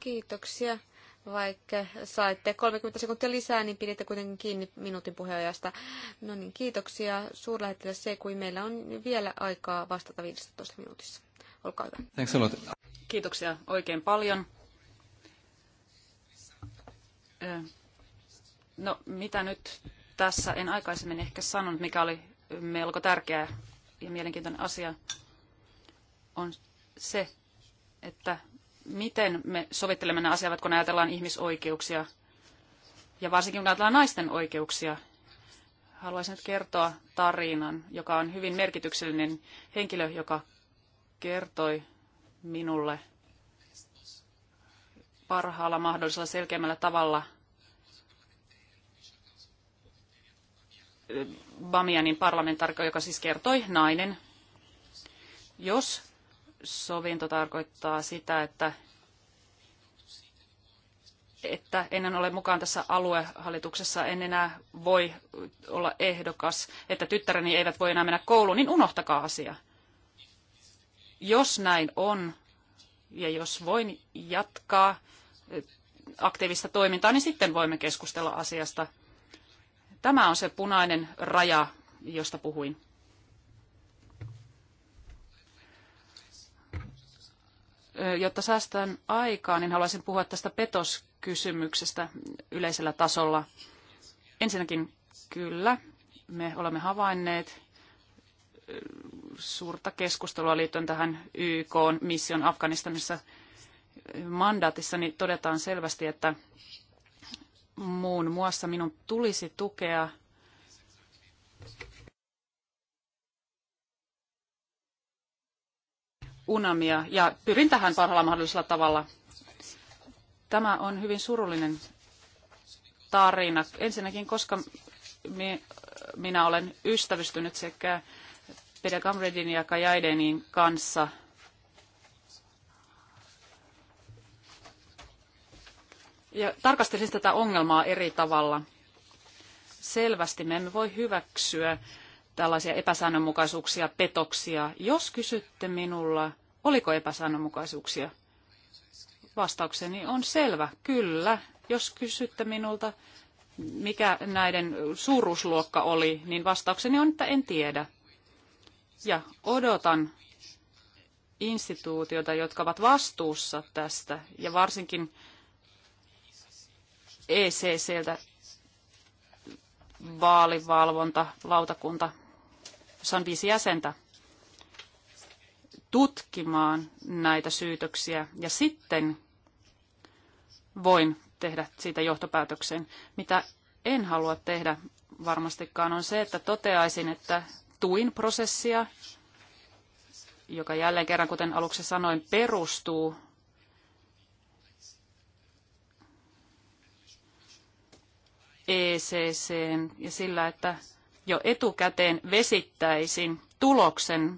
Kiitoksia. Vaikka saitte 30 sekuntia lisää, niin piditte kuitenkin kiinni minuutin puheenjohtajasta. No niin, kiitoksia suurlähettiläs se, kun meillä on vielä aikaa vastata 15 minuutissa. Olkaa hyvä. Kiitoksia oikein paljon. No, mitä nyt tässä en aikaisemmin ehkä sanonut, mikä oli melko tärkeä ja mielenkiintoinen asia, on se, että miten me sovittelemme nämä asiat, kun ajatellaan ihmisoikeuksia ja varsinkin kun ajatellaan naisten oikeuksia. Haluaisin nyt kertoa tarinan, joka on hyvin merkityksellinen henkilö, joka kertoi minulle parhaalla mahdollisella selkeämmällä tavalla – Bamianin parlamentarko, joka siis kertoi nainen, jos sovinto tarkoittaa sitä, että, että ennen ole mukaan tässä aluehallituksessa, en enää voi olla ehdokas, että tyttäreni eivät voi enää mennä kouluun, niin unohtakaa asia. Jos näin on, ja jos voin jatkaa eh, aktiivista toimintaa, niin sitten voimme keskustella asiasta – Tämä on se punainen raja, josta puhuin. Jotta säästän aikaa, niin haluaisin puhua tästä petoskysymyksestä yleisellä tasolla. Ensinnäkin kyllä, me olemme havainneet suurta keskustelua liittyen tähän YK-mission Afganistanissa mandaatissa, niin todetaan selvästi, että muun muassa minun tulisi tukea unamia ja pyrin tähän parhaalla mahdollisella tavalla. Tämä on hyvin surullinen tarina. Ensinnäkin, koska minä olen ystävystynyt sekä Pede Gamredin ja Kajaidenin kanssa – ja tarkastelisin tätä ongelmaa eri tavalla. Selvästi me emme voi hyväksyä tällaisia epäsäännönmukaisuuksia, petoksia. Jos kysytte minulla, oliko epäsäännönmukaisuuksia, vastaukseni on selvä, kyllä. Jos kysytte minulta, mikä näiden suuruusluokka oli, niin vastaukseni on, että en tiedä. Ja odotan instituutioita, jotka ovat vastuussa tästä, ja varsinkin ECCltä vaalivalvonta, lautakunta, jossa on viisi jäsentä, tutkimaan näitä syytöksiä ja sitten voin tehdä siitä johtopäätöksen. Mitä en halua tehdä varmastikaan on se, että toteaisin, että tuin prosessia, joka jälleen kerran, kuten aluksi sanoin, perustuu ECC ja sillä, että jo etukäteen vesittäisin tuloksen,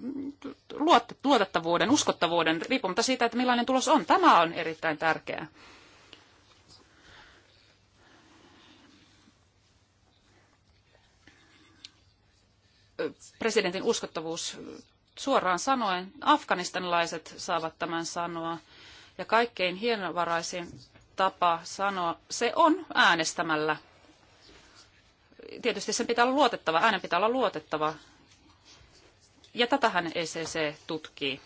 luotettavuuden, uskottavuuden, riippumatta siitä, että millainen tulos on. Tämä on erittäin tärkeää. Presidentin uskottavuus suoraan sanoen, afganistanilaiset saavat tämän sanoa. Ja kaikkein hienovaraisin tapa sanoa, se on äänestämällä – tietysti sen pitää olla luotettava, äänen pitää olla luotettava. Ja tätähän ECC tutkii.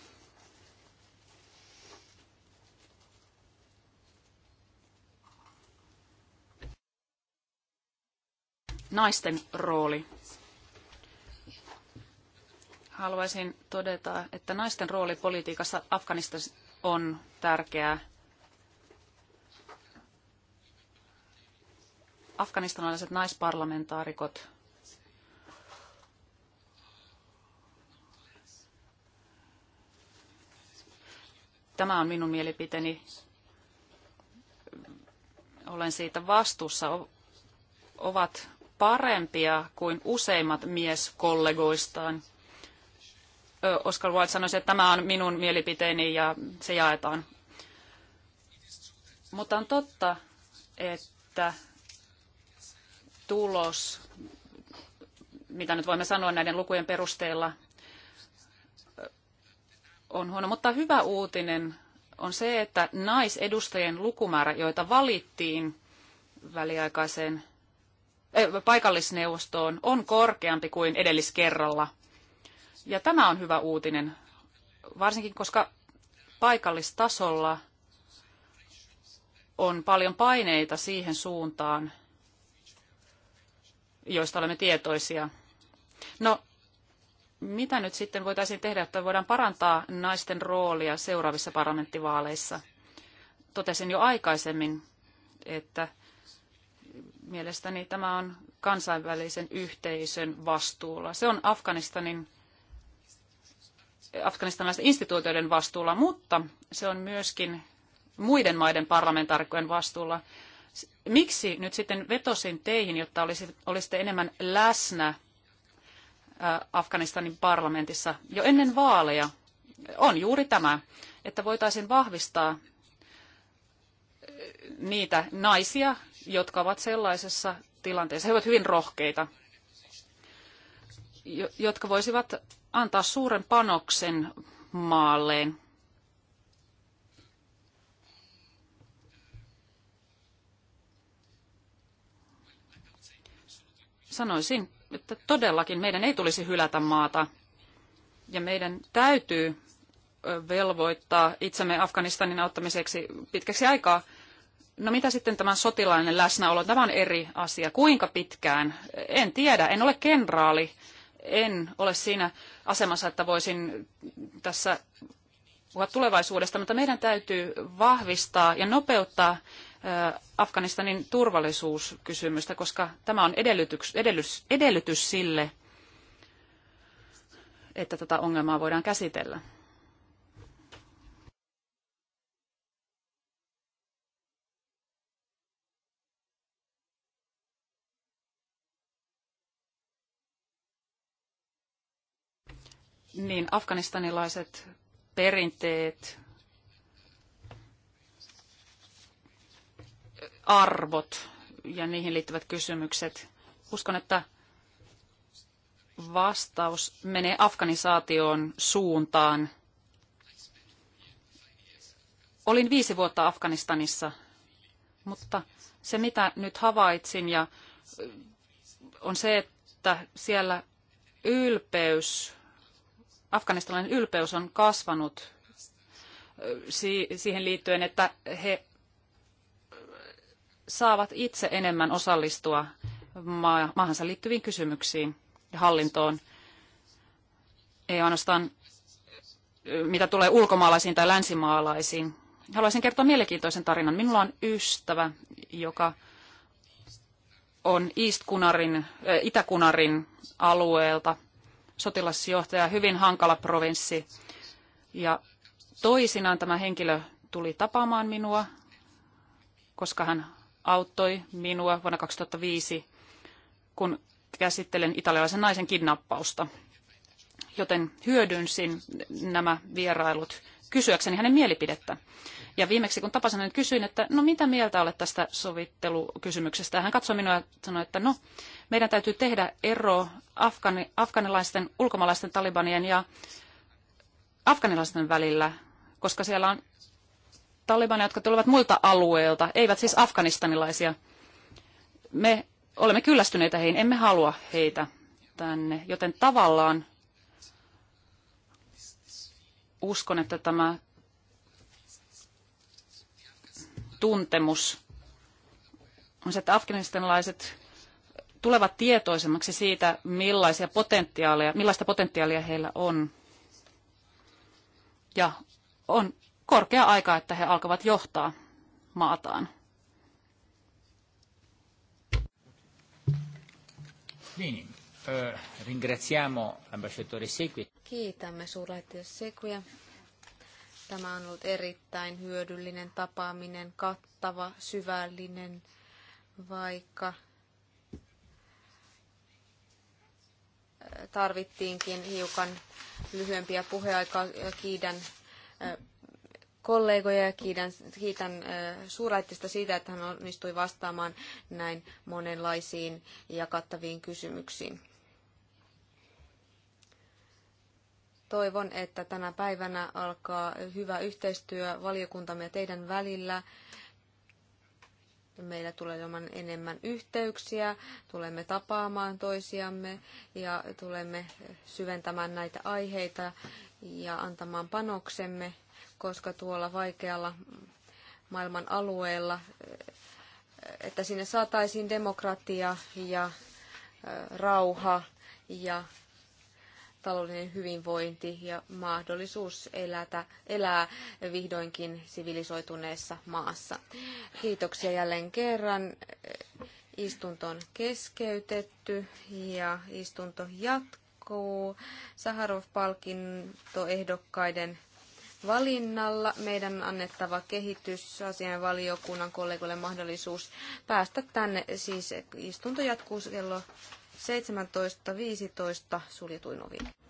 Naisten rooli. Haluaisin todeta, että naisten rooli politiikassa Afganistan on tärkeää afganistanilaiset naisparlamentaarikot Tämä on minun mielipiteeni. Olen siitä vastuussa. Ovat parempia kuin useimmat mieskollegoistaan. Oscar Wilde sanoisi, että tämä on minun mielipiteeni ja se jaetaan. Mutta on totta, että tulos, mitä nyt voimme sanoa näiden lukujen perusteella, on huono. Mutta hyvä uutinen on se, että naisedustajien lukumäärä, joita valittiin väliaikaiseen eh, paikallisneuvostoon, on korkeampi kuin edelliskerralla. Ja tämä on hyvä uutinen, varsinkin koska paikallistasolla on paljon paineita siihen suuntaan, joista olemme tietoisia. No, mitä nyt sitten voitaisiin tehdä, että voidaan parantaa naisten roolia seuraavissa parlamenttivaaleissa? Totesin jo aikaisemmin, että mielestäni tämä on kansainvälisen yhteisön vastuulla. Se on Afganistanin afganistanilaisten instituutioiden vastuulla, mutta se on myöskin muiden maiden parlamentaarikkojen vastuulla. Miksi nyt sitten vetosin teihin, jotta olisitte enemmän läsnä äh, Afganistanin parlamentissa jo ennen vaaleja? On juuri tämä, että voitaisiin vahvistaa äh, niitä naisia, jotka ovat sellaisessa tilanteessa. He ovat hyvin rohkeita, jotka voisivat antaa suuren panoksen maalleen sanoisin, että todellakin meidän ei tulisi hylätä maata ja meidän täytyy velvoittaa itsemme Afganistanin auttamiseksi pitkäksi aikaa. No mitä sitten tämä sotilainen läsnäolo? Tämä on eri asia. Kuinka pitkään? En tiedä. En ole kenraali. En ole siinä asemassa, että voisin tässä puhua tulevaisuudesta, mutta meidän täytyy vahvistaa ja nopeuttaa Afganistanin turvallisuuskysymystä, koska tämä on edellytys, edellytys, edellytys sille, että tätä ongelmaa voidaan käsitellä. Niin afganistanilaiset perinteet arvot ja niihin liittyvät kysymykset. Uskon, että vastaus menee Afganisaation suuntaan. Olin viisi vuotta Afganistanissa, mutta se mitä nyt havaitsin ja on se, että siellä ylpeys, afganistalainen ylpeys on kasvanut siihen liittyen, että he saavat itse enemmän osallistua maahansa liittyviin kysymyksiin ja hallintoon. Ei ainoastaan mitä tulee ulkomaalaisiin tai länsimaalaisiin. Haluaisin kertoa mielenkiintoisen tarinan. Minulla on ystävä, joka on East-Kunarin, äh, alueelta sotilasjohtaja, hyvin hankala provinssi. Ja toisinaan tämä henkilö tuli tapaamaan minua, koska hän auttoi minua vuonna 2005, kun käsittelen italialaisen naisen kidnappausta. Joten hyödynsin nämä vierailut kysyäkseni hänen mielipidettä. Ja viimeksi kun tapasin hänet, kysyin, että no mitä mieltä olet tästä sovittelukysymyksestä. Hän katsoi minua ja sanoi, että no meidän täytyy tehdä ero afgani, afganilaisten, ulkomaalaisten talibanien ja afganilaisten välillä, koska siellä on talibaneja, jotka tulevat muilta alueilta, eivät siis afganistanilaisia. Me olemme kyllästyneitä heihin, emme halua heitä tänne, joten tavallaan uskon, että tämä tuntemus on se, että afganistanilaiset tulevat tietoisemmaksi siitä, millaisia potentiaaleja, millaista potentiaalia heillä on. Ja on korkea aika, että he alkavat johtaa maataan. Niin. Ringraziamo l'ambasciatore Sekui. Kiitämme suurlähettiläs Sekuja. Tämä on ollut erittäin hyödyllinen tapaaminen, kattava, syvällinen, vaikka eh, tarvittiinkin hiukan lyhyempiä puheaikaa. Kiidän eh, kollegoja ja kiitän, kiitän suuraittista siitä, että hän onnistui vastaamaan näin monenlaisiin ja kattaviin kysymyksiin. Toivon, että tänä päivänä alkaa hyvä yhteistyö valiokuntamme ja teidän välillä. Meillä tulee olemaan enemmän yhteyksiä, tulemme tapaamaan toisiamme ja tulemme syventämään näitä aiheita ja antamaan panoksemme koska tuolla vaikealla maailman alueella, että sinne saataisiin demokratia ja rauha ja taloudellinen hyvinvointi ja mahdollisuus elätä, elää vihdoinkin sivilisoituneessa maassa. Kiitoksia jälleen kerran. Istunto on keskeytetty ja istunto jatkuu. Saharov-palkintoehdokkaiden valinnalla. Meidän on annettava kehitysasian valiokunnan kollegoille mahdollisuus päästä tänne. Siis istunto jatkuu kello 17.15 suljetuin ovin.